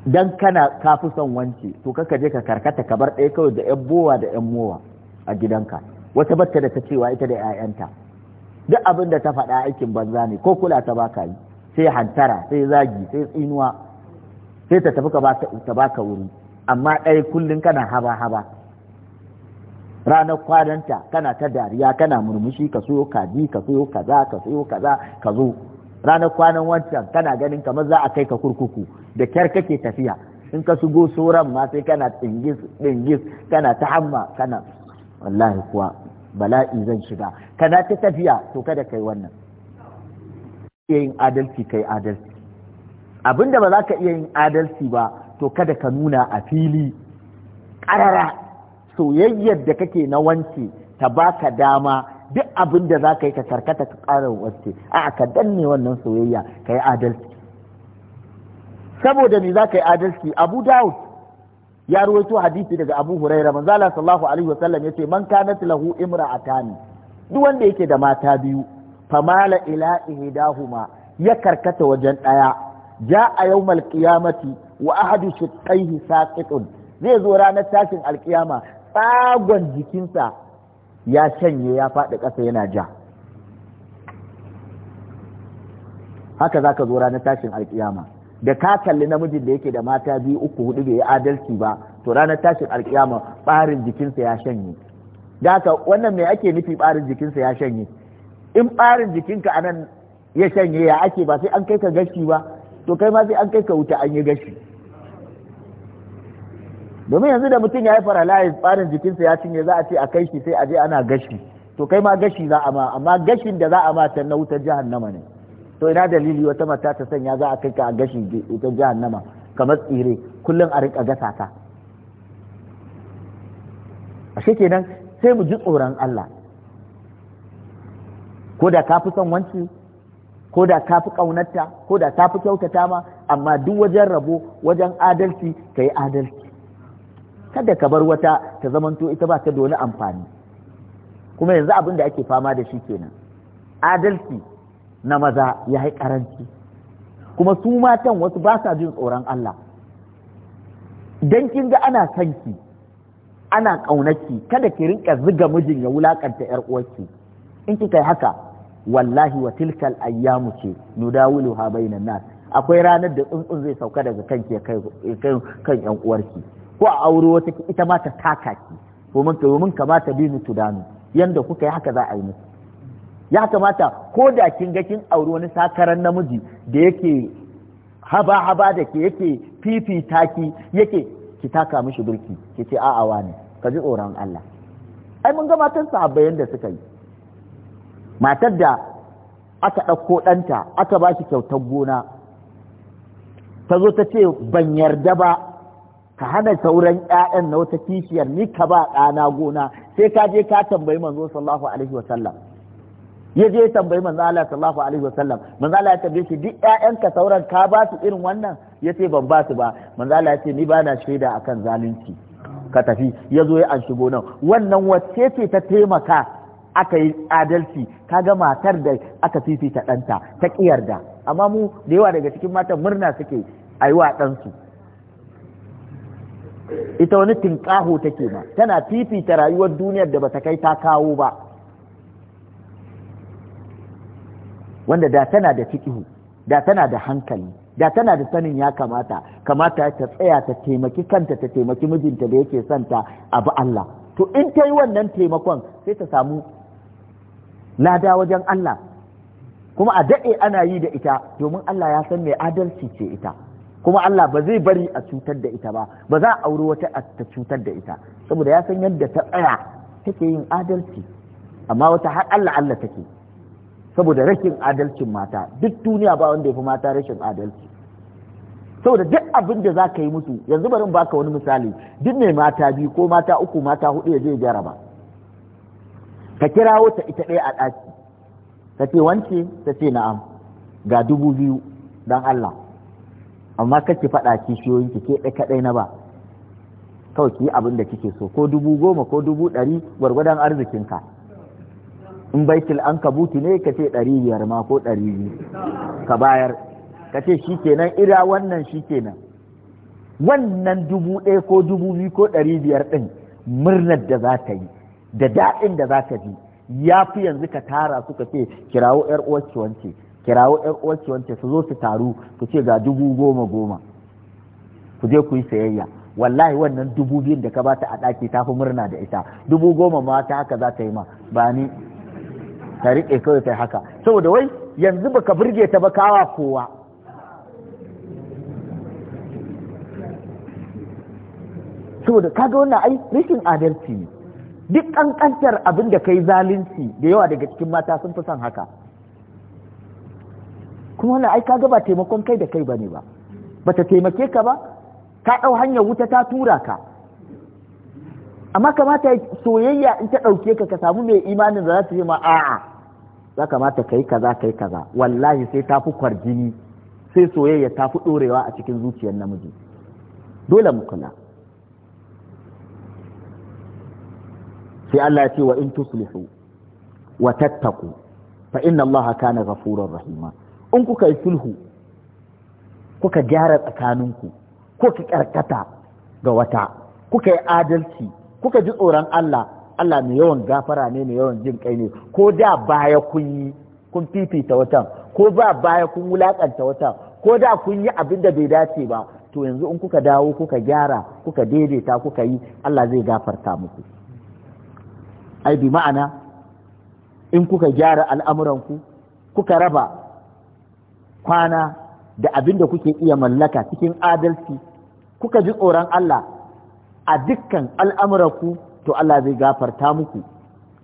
dan kana kafi son wance to kaka je ka karkata ka bar ɗaya kawai da yan bowa da yan mowa a gidanka wata batta da ta cewa ita da 'ya'yanta duk abin da ta faɗa aikin banza ne ko kula ta baka yi sai hantara sai zagi sai tsinuwa sai ta tafi ka baka wuri amma ɗaya kullum kana haba haba ranar kwananta kana ta dariya kana murmushi ka soyo kaji ka soyo kaza ka soyo kaza ka zo ranar kwanan wancan kana ganin kamar za a kai ka kurkuku da kyar kake tafiya in ka shigo sauran ma sai kana tsingis tsingis kana ta hamma kana wallahi kuwa bala'i zan shiga kana ta tafiya to kada kai wannan iya yin adalci kai adalci abinda ba za ka iya yin adalci ba to kada ka nuna a fili karara soyayyar da kake na wance ta baka dama duk abin da za ka yi ka karkata ka ƙara wance a ka danne wannan soyayya ka yi adalci saboda me za ka yi adalci abu daud ya ruwaito hadisi daga abu huraira manzala sallahu alaihi wasallam ce man kanat lahu imra'atani duk wanda yake da mata biyu famala ila ihdahuma ya karkata wajen daya a yawmal qiyamati wa ahadu shiqqaihi saqitun zai zo ranar tashin alkiyama tsagon jikinsa ya shanye ya faɗi ƙasa yana ja haka za ka zo ranar tashin alkiyama da ka kalli namijin da yake da mata biyu uku hudu bai yi adalci ba to ranar tashin alkiyama ɓarin jikinsa ya shanye da haka wannan mai ake nufi ɓarin jikinsa ya shanye in ɓarin jikinka a nan ya shanye ya ake ba sai an kai ka gashi ba to kai ma sai an kai ka wuta an yi gashi domin yanzu da mutum ya yi paralyze ɓarin jikinsa ya cinye za a ce a kai shi sai a je ana gashi to kai ma gashi za a ma amma gashin da za a ma ta na wutar jahannama ne to ina dalili wata mata ta sanya za a kai ka a gashi wutar jahannama kamar tsire kullum a rika gasa ka ashe kenan sai mu ji tsoron Allah ko da ka fi son wanci ko da ka fi ƙaunarta ko da ta fi kyautata ma amma duk wajen rabo wajen adalci ka yi adalci kada ka bar wata ta zamanto ita ba ta da wani amfani kuma yanzu abin da ake fama da shi kenan adalci na maza ya yi karanci kuma su matan wasu ba sa jin tsoron Allah dan kin ga ana sanki ana ƙaunaki kada ki rinka ziga mijin ya wulakanta yar uwarki in kika yi haka wallahi wa tilkal ayyamu ce ha bainan nas akwai ranar da tsuntsun zai sauka daga kanki kai kan yan uwarki ko a aure wata ita ma ta taka ki ko mun domin mun kamata bi mu tudanu yanda kuka yi haka za a yi muku ya kamata ko da kin ga kin aure wani sakaran namiji da yake haba haba da ke yake fifita ki yake ki taka mishi birki ki ce a'a wani ka ji tsoron Allah ai mun ga matan sahabbai yanda suka yi matar da aka ɗauko ɗanta aka ba shi kyautar gona ta zo ta ce ban yarda ba ka hana sauran 'ya'yan na wata kishiyar ni ka ba ɗana gona sai ka je ka tambayi manzo sallallahu alaihi wasallam ya je tambayi manzo Allah sallallahu alaihi wasallam manzo Allah ya tambaye shi duk ka sauran ka ba su irin wannan Ya ce ban ba su ba manzo Allah ya ce ni bana shaida akan zalunci ka tafi ya zo ya an shigo nan wannan wacce ce ta taimaka aka yi adalci kaga matar da aka fifita ɗanta ta ƙiyarda amma mu da yawa daga cikin matan murna suke a yi wa ɗansu ita wani tinƙaho take ma tana fifita rayuwar duniyar da bata kai ta kawo ba wanda da tana da cikihu da tana da hankali da tana da sanin ya kamata kamata ta tsaya ta taimaki kanta ta taimaki mijinta da yake santa abu Allah to in ta yi wannan taimakon sai ta samu lada wajen Allah kuma a daɗe ana yi da ita domin Allah ya san mai adalci ce ita kuma Allah ba zai bari a cutar da ita ba ba za a auri wata ta cutar da ita saboda ya san yadda ta tsaya take yin adalci amma wata har Allah Allah take saboda rashin adalcin mata duk duniya ba wanda ya fi mata rashin adalci saboda duk abin da za ka yi musu yanzu bari baka wani misali duk mai mata biyu ko mata uku mata hudu ya je jaraba ka kirawo ta ita ɗaya a ɗaki ta ce wance ta ce na'am ga dubu biyu don Allah amma kake faɗa kishiyoyin ki ke ɗaya kaɗai na ba kawai ki yi abin da kike so ko dubu goma ko dubu ɗari gwargwadon arzikinka in baitul an kabuti ne ka ce ɗari biyar ma ko ɗari biyu ka bayar ka ce shi kenan ira wannan shi kenan wannan dubu ɗaya ko dubu biyu ko ɗari biyar ɗin murnar da za ta yi da daɗin da za ka ji ya fi yanzu ka tara suka ce kirawo yar uwarki wance kirawo yar uwarki wance su zo su taru ku ce ga dubu goma goma ku je ku yi sayayya wallahi wannan dubu biyun da ka bata a ɗaki ta fi murna da ita dubu goma ma ta haka za ta yi ma ba ni ta riƙe kawai ta haka saboda wai yanzu ba ka burge ta ba kawa kowa saboda kaga wannan ai rikin adalci ne duk ƙanƙantar abin da kai zalunci da yawa daga cikin mata sun fi son haka kuma wannan ai kaga ba taimakon kai da kai bane ba bata taimake ka ba ka ɗau hanyar wuta ta tura ka amma kamata soyayya in ta ɗauke ka ka samu mai imanin da za ta yi ma za kamata kai kaza kai kaza wallahi sai ta fi kwarjini sai soyayya ta fi ɗorewa a cikin zuciyar namiji dole mu kula sai Allah ya ce wa in tuslihu wa tattaku fa inna Allah kana ghafurur rahima in kuka yi sulhu kuka gyara tsakaninku kuka karkata ga wata kuka yi adalci kuka ji tsoron Allah Allah mai yawan gafara ne mai yawan jin kai ne ko da baya kun yi kun fifita watan ko ba baya kun wulakanta watan ko da kun yi abin da bai dace ba to yanzu in kuka dawo kuka gyara kuka daidaita kuka yi Allah zai gafarta muku ai bi ma'ana in kuka gyara al'amuranku kuka raba kwana da abin da kuke iya mallaka cikin adalci kuka ji tsoron Allah a dukkan al'amuranku to Allah zai gafarta muku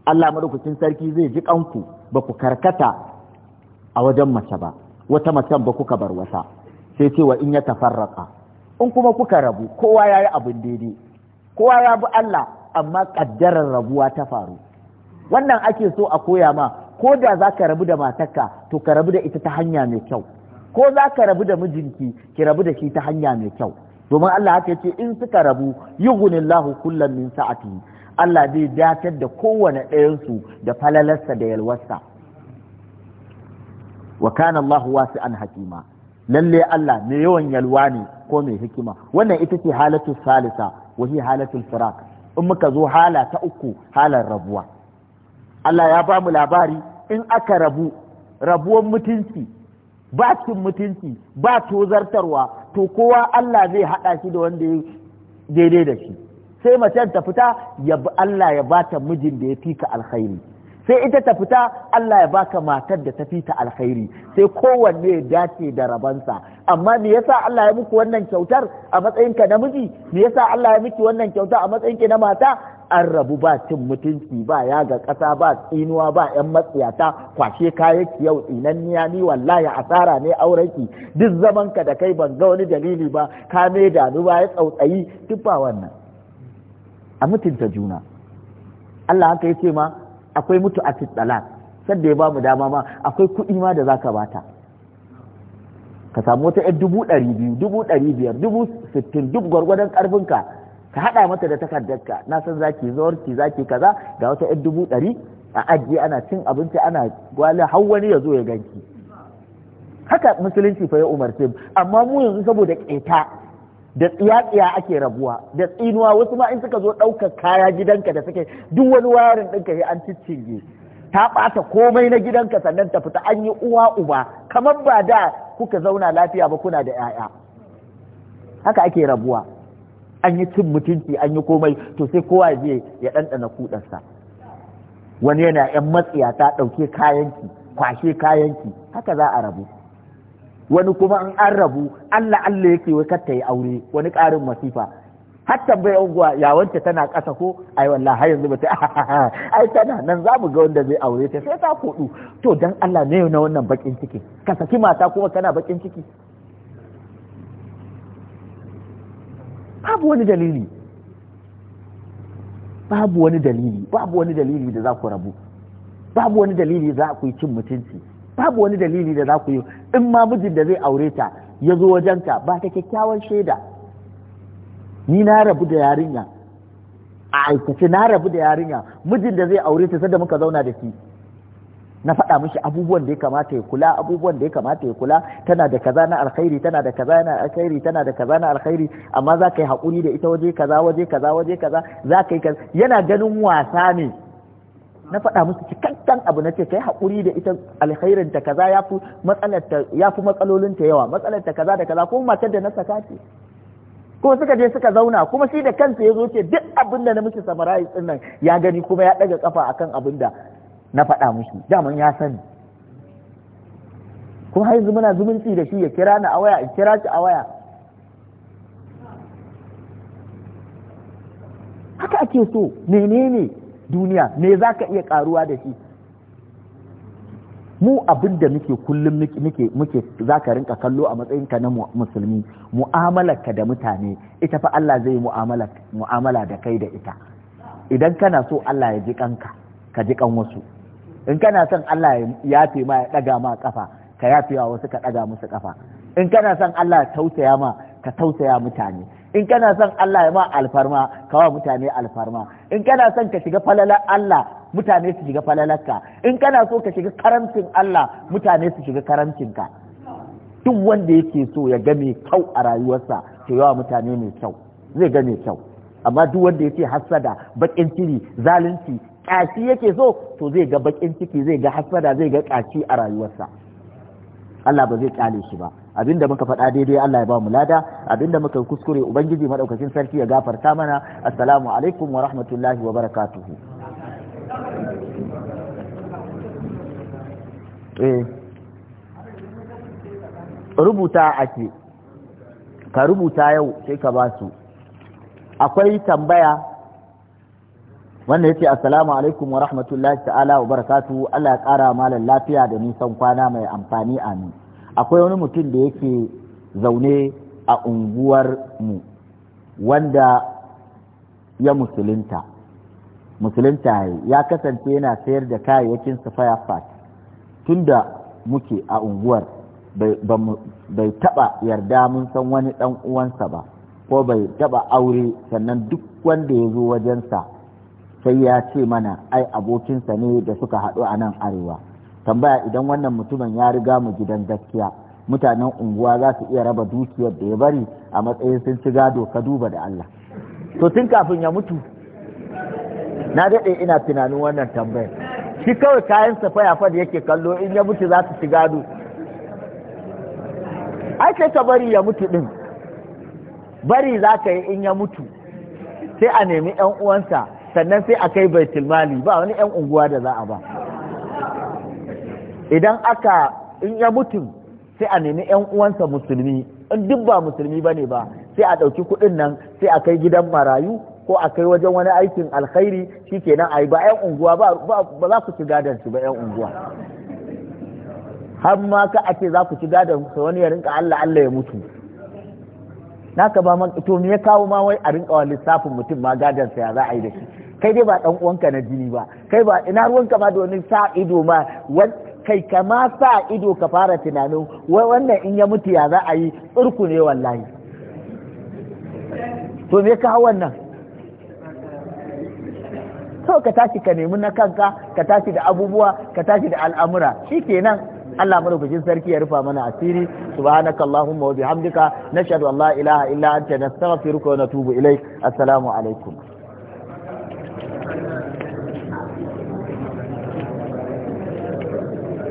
Allah madaukakin sarki zai ji kanku ba ku karkata a wajen mace ba wata macen ba kuka bar wata sai cewa in ya tafarraka in kuma kuka rabu kowa ya yi abin daidai kowa ya bi Allah amma ƙaddarar rabuwa ta faru wannan ake so a koya ma ko da za ka rabu da matarka to ka rabu da ita ta hanya mai kyau ko za ka rabu da mijinki ki rabu da shi ta hanya mai kyau domin Allah haka yace in suka rabu yughnillahu kullam min sa'ati Allah zai datar da kowane ɗayan su da falalarsa da yalwarsa wa kana Allah wasi'an hakima lalle Allah mai yawan yalwa ne ko mai hikima wannan ita ce halatu salisa wa hi halatu firak in muka zo hala ta uku halar rabuwa Allah ya ba mu labari in aka rabu rabuwan mutunci ba mutunci ba zartarwa, to kowa Allah zai haɗa shi da wanda ya daidai da shi sai macen ta fita ya Allah ya bata mijin da ya fi ka alkhairi sai ita ta fita Allah ya baka matar da ta fita alkhairi sai kowanne ya dace da rabansa amma me yasa Allah ya muku wannan kyautar a matsayin ka namiji me yasa Allah ya miki wannan kyauta a matsayin ki na mata an rabu ba cin mutunci ba ya ga ƙasa ba tsinuwa ba yan matsiyata kwashe ki yau niya ni wallahi asara ne auren ki duk zaman ka da kai ban ga wani dalili ba ka me da ba ya tsautsayi duk ba wannan a mutunta juna Allah haka ya ce ma akwai mutu a talak sadda ya ba mu dama ma akwai kuɗi ma da za zaka bata ka samu wata yar dubu ɗari biyu dubu ɗari biyar dubu sittin duk gwargwadon ƙarfinka ka haɗa mata da takardarka na san za ki zaki zuwarki ki kaza ga wata yar dubu ɗari a ajiye ana cin abinci ana gwale har wani ya zo ya ganki haka musulunci fa ya umarce amma mu yanzu saboda ƙeta da tsiya-tsiya ake rabuwa da tsinuwa wasu ma in suka zo ɗaukar kaya gidanka da suke duk wani wayarin ɗinka ya an ciccinge ta ɓata komai na gidanka sannan ta fita an yi uwa uba kamar ba da kuka zauna lafiya ba kuna da 'ya'ya haka ake rabuwa an yi cin mutunci an yi komai to sai kowa je ya ɗanɗana kuɗansa wani yana ƴan matsiya ta ɗauke kayanki kwashe kayanki haka za a rabu wani kuma in an rabu Allah Allah yake wai kar ta yi aure wani ƙarin masifa har tambayi unguwa ya wance tana ƙasa ko ai wallahi har yanzu ba ta ai tana nan za mu ga wanda zai aure ta sai ta kodu to dan Allah ne na wannan bakin ciki ka saki mata kuma kana bakin ciki babu wani dalili babu wani dalili babu wani dalili da za ku rabu babu wani dalili za ku yi cin mutunci babu wani dalili da za ku yi in ma mijin da zai aure ta ya zo wajenka ba ta kyakkyawan shaida ni na rabu da yarinya a aikace na rabu da yarinya mijin da zai aure ta sadda muka zauna da shi na faɗa mishi abubuwan da ya kamata ya kula abubuwan da ya kamata ya kula tana da kaza na alkhairi tana da kaza na alkhairi tana da kaza na alkhairi amma za ka yi haƙuri da ita waje kaza waje kaza waje kaza za ka yi kaza yana ganin wasa ne na faɗa musu cikakken abu na ce kai haƙuri da ita alkhairin ta kaza ya matsalar ta matsalolin ta yawa matsalar ta kaza da kaza kuma matar da na saka ce kuma suka je suka zauna kuma shi da kansa ya zo ce duk abin da na miki samarai din nan ya gani kuma ya ɗaga kafa akan abin da na faɗa da daman ya sani kuma har yanzu muna zumunci da shi ya kira ni a waya in kira shi a waya haka ake so menene duniya me za ka iya karuwa da shi mu abin da muke kullum muke muke za ka rinka kallo a matsayinka na musulmi mu'amalarka da mutane ita fa Allah zai yi mu'amala da kai da ita idan kana so Allah ya ji kanka ka ji kan wasu in kana son Allah ya yafe ma ya daga ma kafa ka yafe wa wasu ka daga musu kafa in kana son Allah ya tausaya ma ka tausaya mutane in kana son Allah ya ma alfarma kawa mutane alfarma in kana son ka shiga falalar Allah mutane su shiga falalarka in kana so ka shiga karamcin Allah mutane su shiga karamcinka duk wanda yake so ya ga mai kyau a rayuwarsa to yawa mutane mai kyau zai ga kyau amma duk wanda yake hasada bakin ciki zalunci kaci yake so to zai ga bakin ciki zai ga hasada zai ga kaci a rayuwarsa Allah ba zai kyale shi ba abinda muka faɗa daidai Allah ya ba mu lada abinda muka kuskure ubangiji madaukakin sarki ya gafarta mana assalamu alaikum wa rahmatullahi wa barakatuhu eh. rubuta ake ka rubuta yau sai ka ba su akwai tambaya wannan ce, assalamu alaikum wa rahmatullahi ta'ala wa barakatu Allah ya kara malam lafiya da nisan kwana mai amfani amin akwai wani mutum da yake zaune a unguwar mu wanda ya musulunta musulunta ya kasance yana sayar da kayayyakin safaya fat tunda muke a unguwar bai taba yarda mun san wani dan uwansa ba ko bai taba aure sannan duk wanda ya zo wajensa sai ya ce mana ai abokinsa ne da suka haɗu a nan arewa tambaya idan wannan mutumin ya riga mu gidan gaskiya mutanen unguwa za su iya raba dukiyar da ya bari a matsayin sun ci gado ka duba da Allah to tun kafin ya mutu na daɗe ina tunanin wannan tambayar shi kawai kayan safaya fa da yake kallo in ya mutu za su ci gado ai sai ka bari ya mutu din bari za ka yi in ya mutu sai a nemi 'yan uwansa sannan sai a kai baitul ba wani yan unguwa da za a ba idan aka in ya mutum sai a nemi yan uwansa musulmi in duk ba musulmi bane ba sai a ɗauki kuɗin nan sai a kai gidan marayu ko a kai wajen wani aikin alkhairi shi shikenan a yi ba yan unguwa ba za ku ci gadon su ba yan unguwa har ma ka a ce za ku ci gadon su wani ya rinka Allah Allah ya mutu naka ba man to ya kawo ma wai a rinka lissafin mutum ma gadan sa ya za a yi da shi kai dai ba ɗan uwanka na jini ba kai ba ina ruwanka ma da sa ido ma kai ka ma sa ido ka fara tunanin wai wannan in ya mutu ya za a yi tsurku ne wallahi to me ka wannan to ka tashi ka nemi na kanka ka tashi da abubuwa ka tashi da al'amura shikenan Allah madaukakin sarki ya rufa mana asiri subhanaka allahumma wa bihamdika nashhadu an la ilaha illa anta nastaghfiruka wa natubu ilaik assalamu alaikum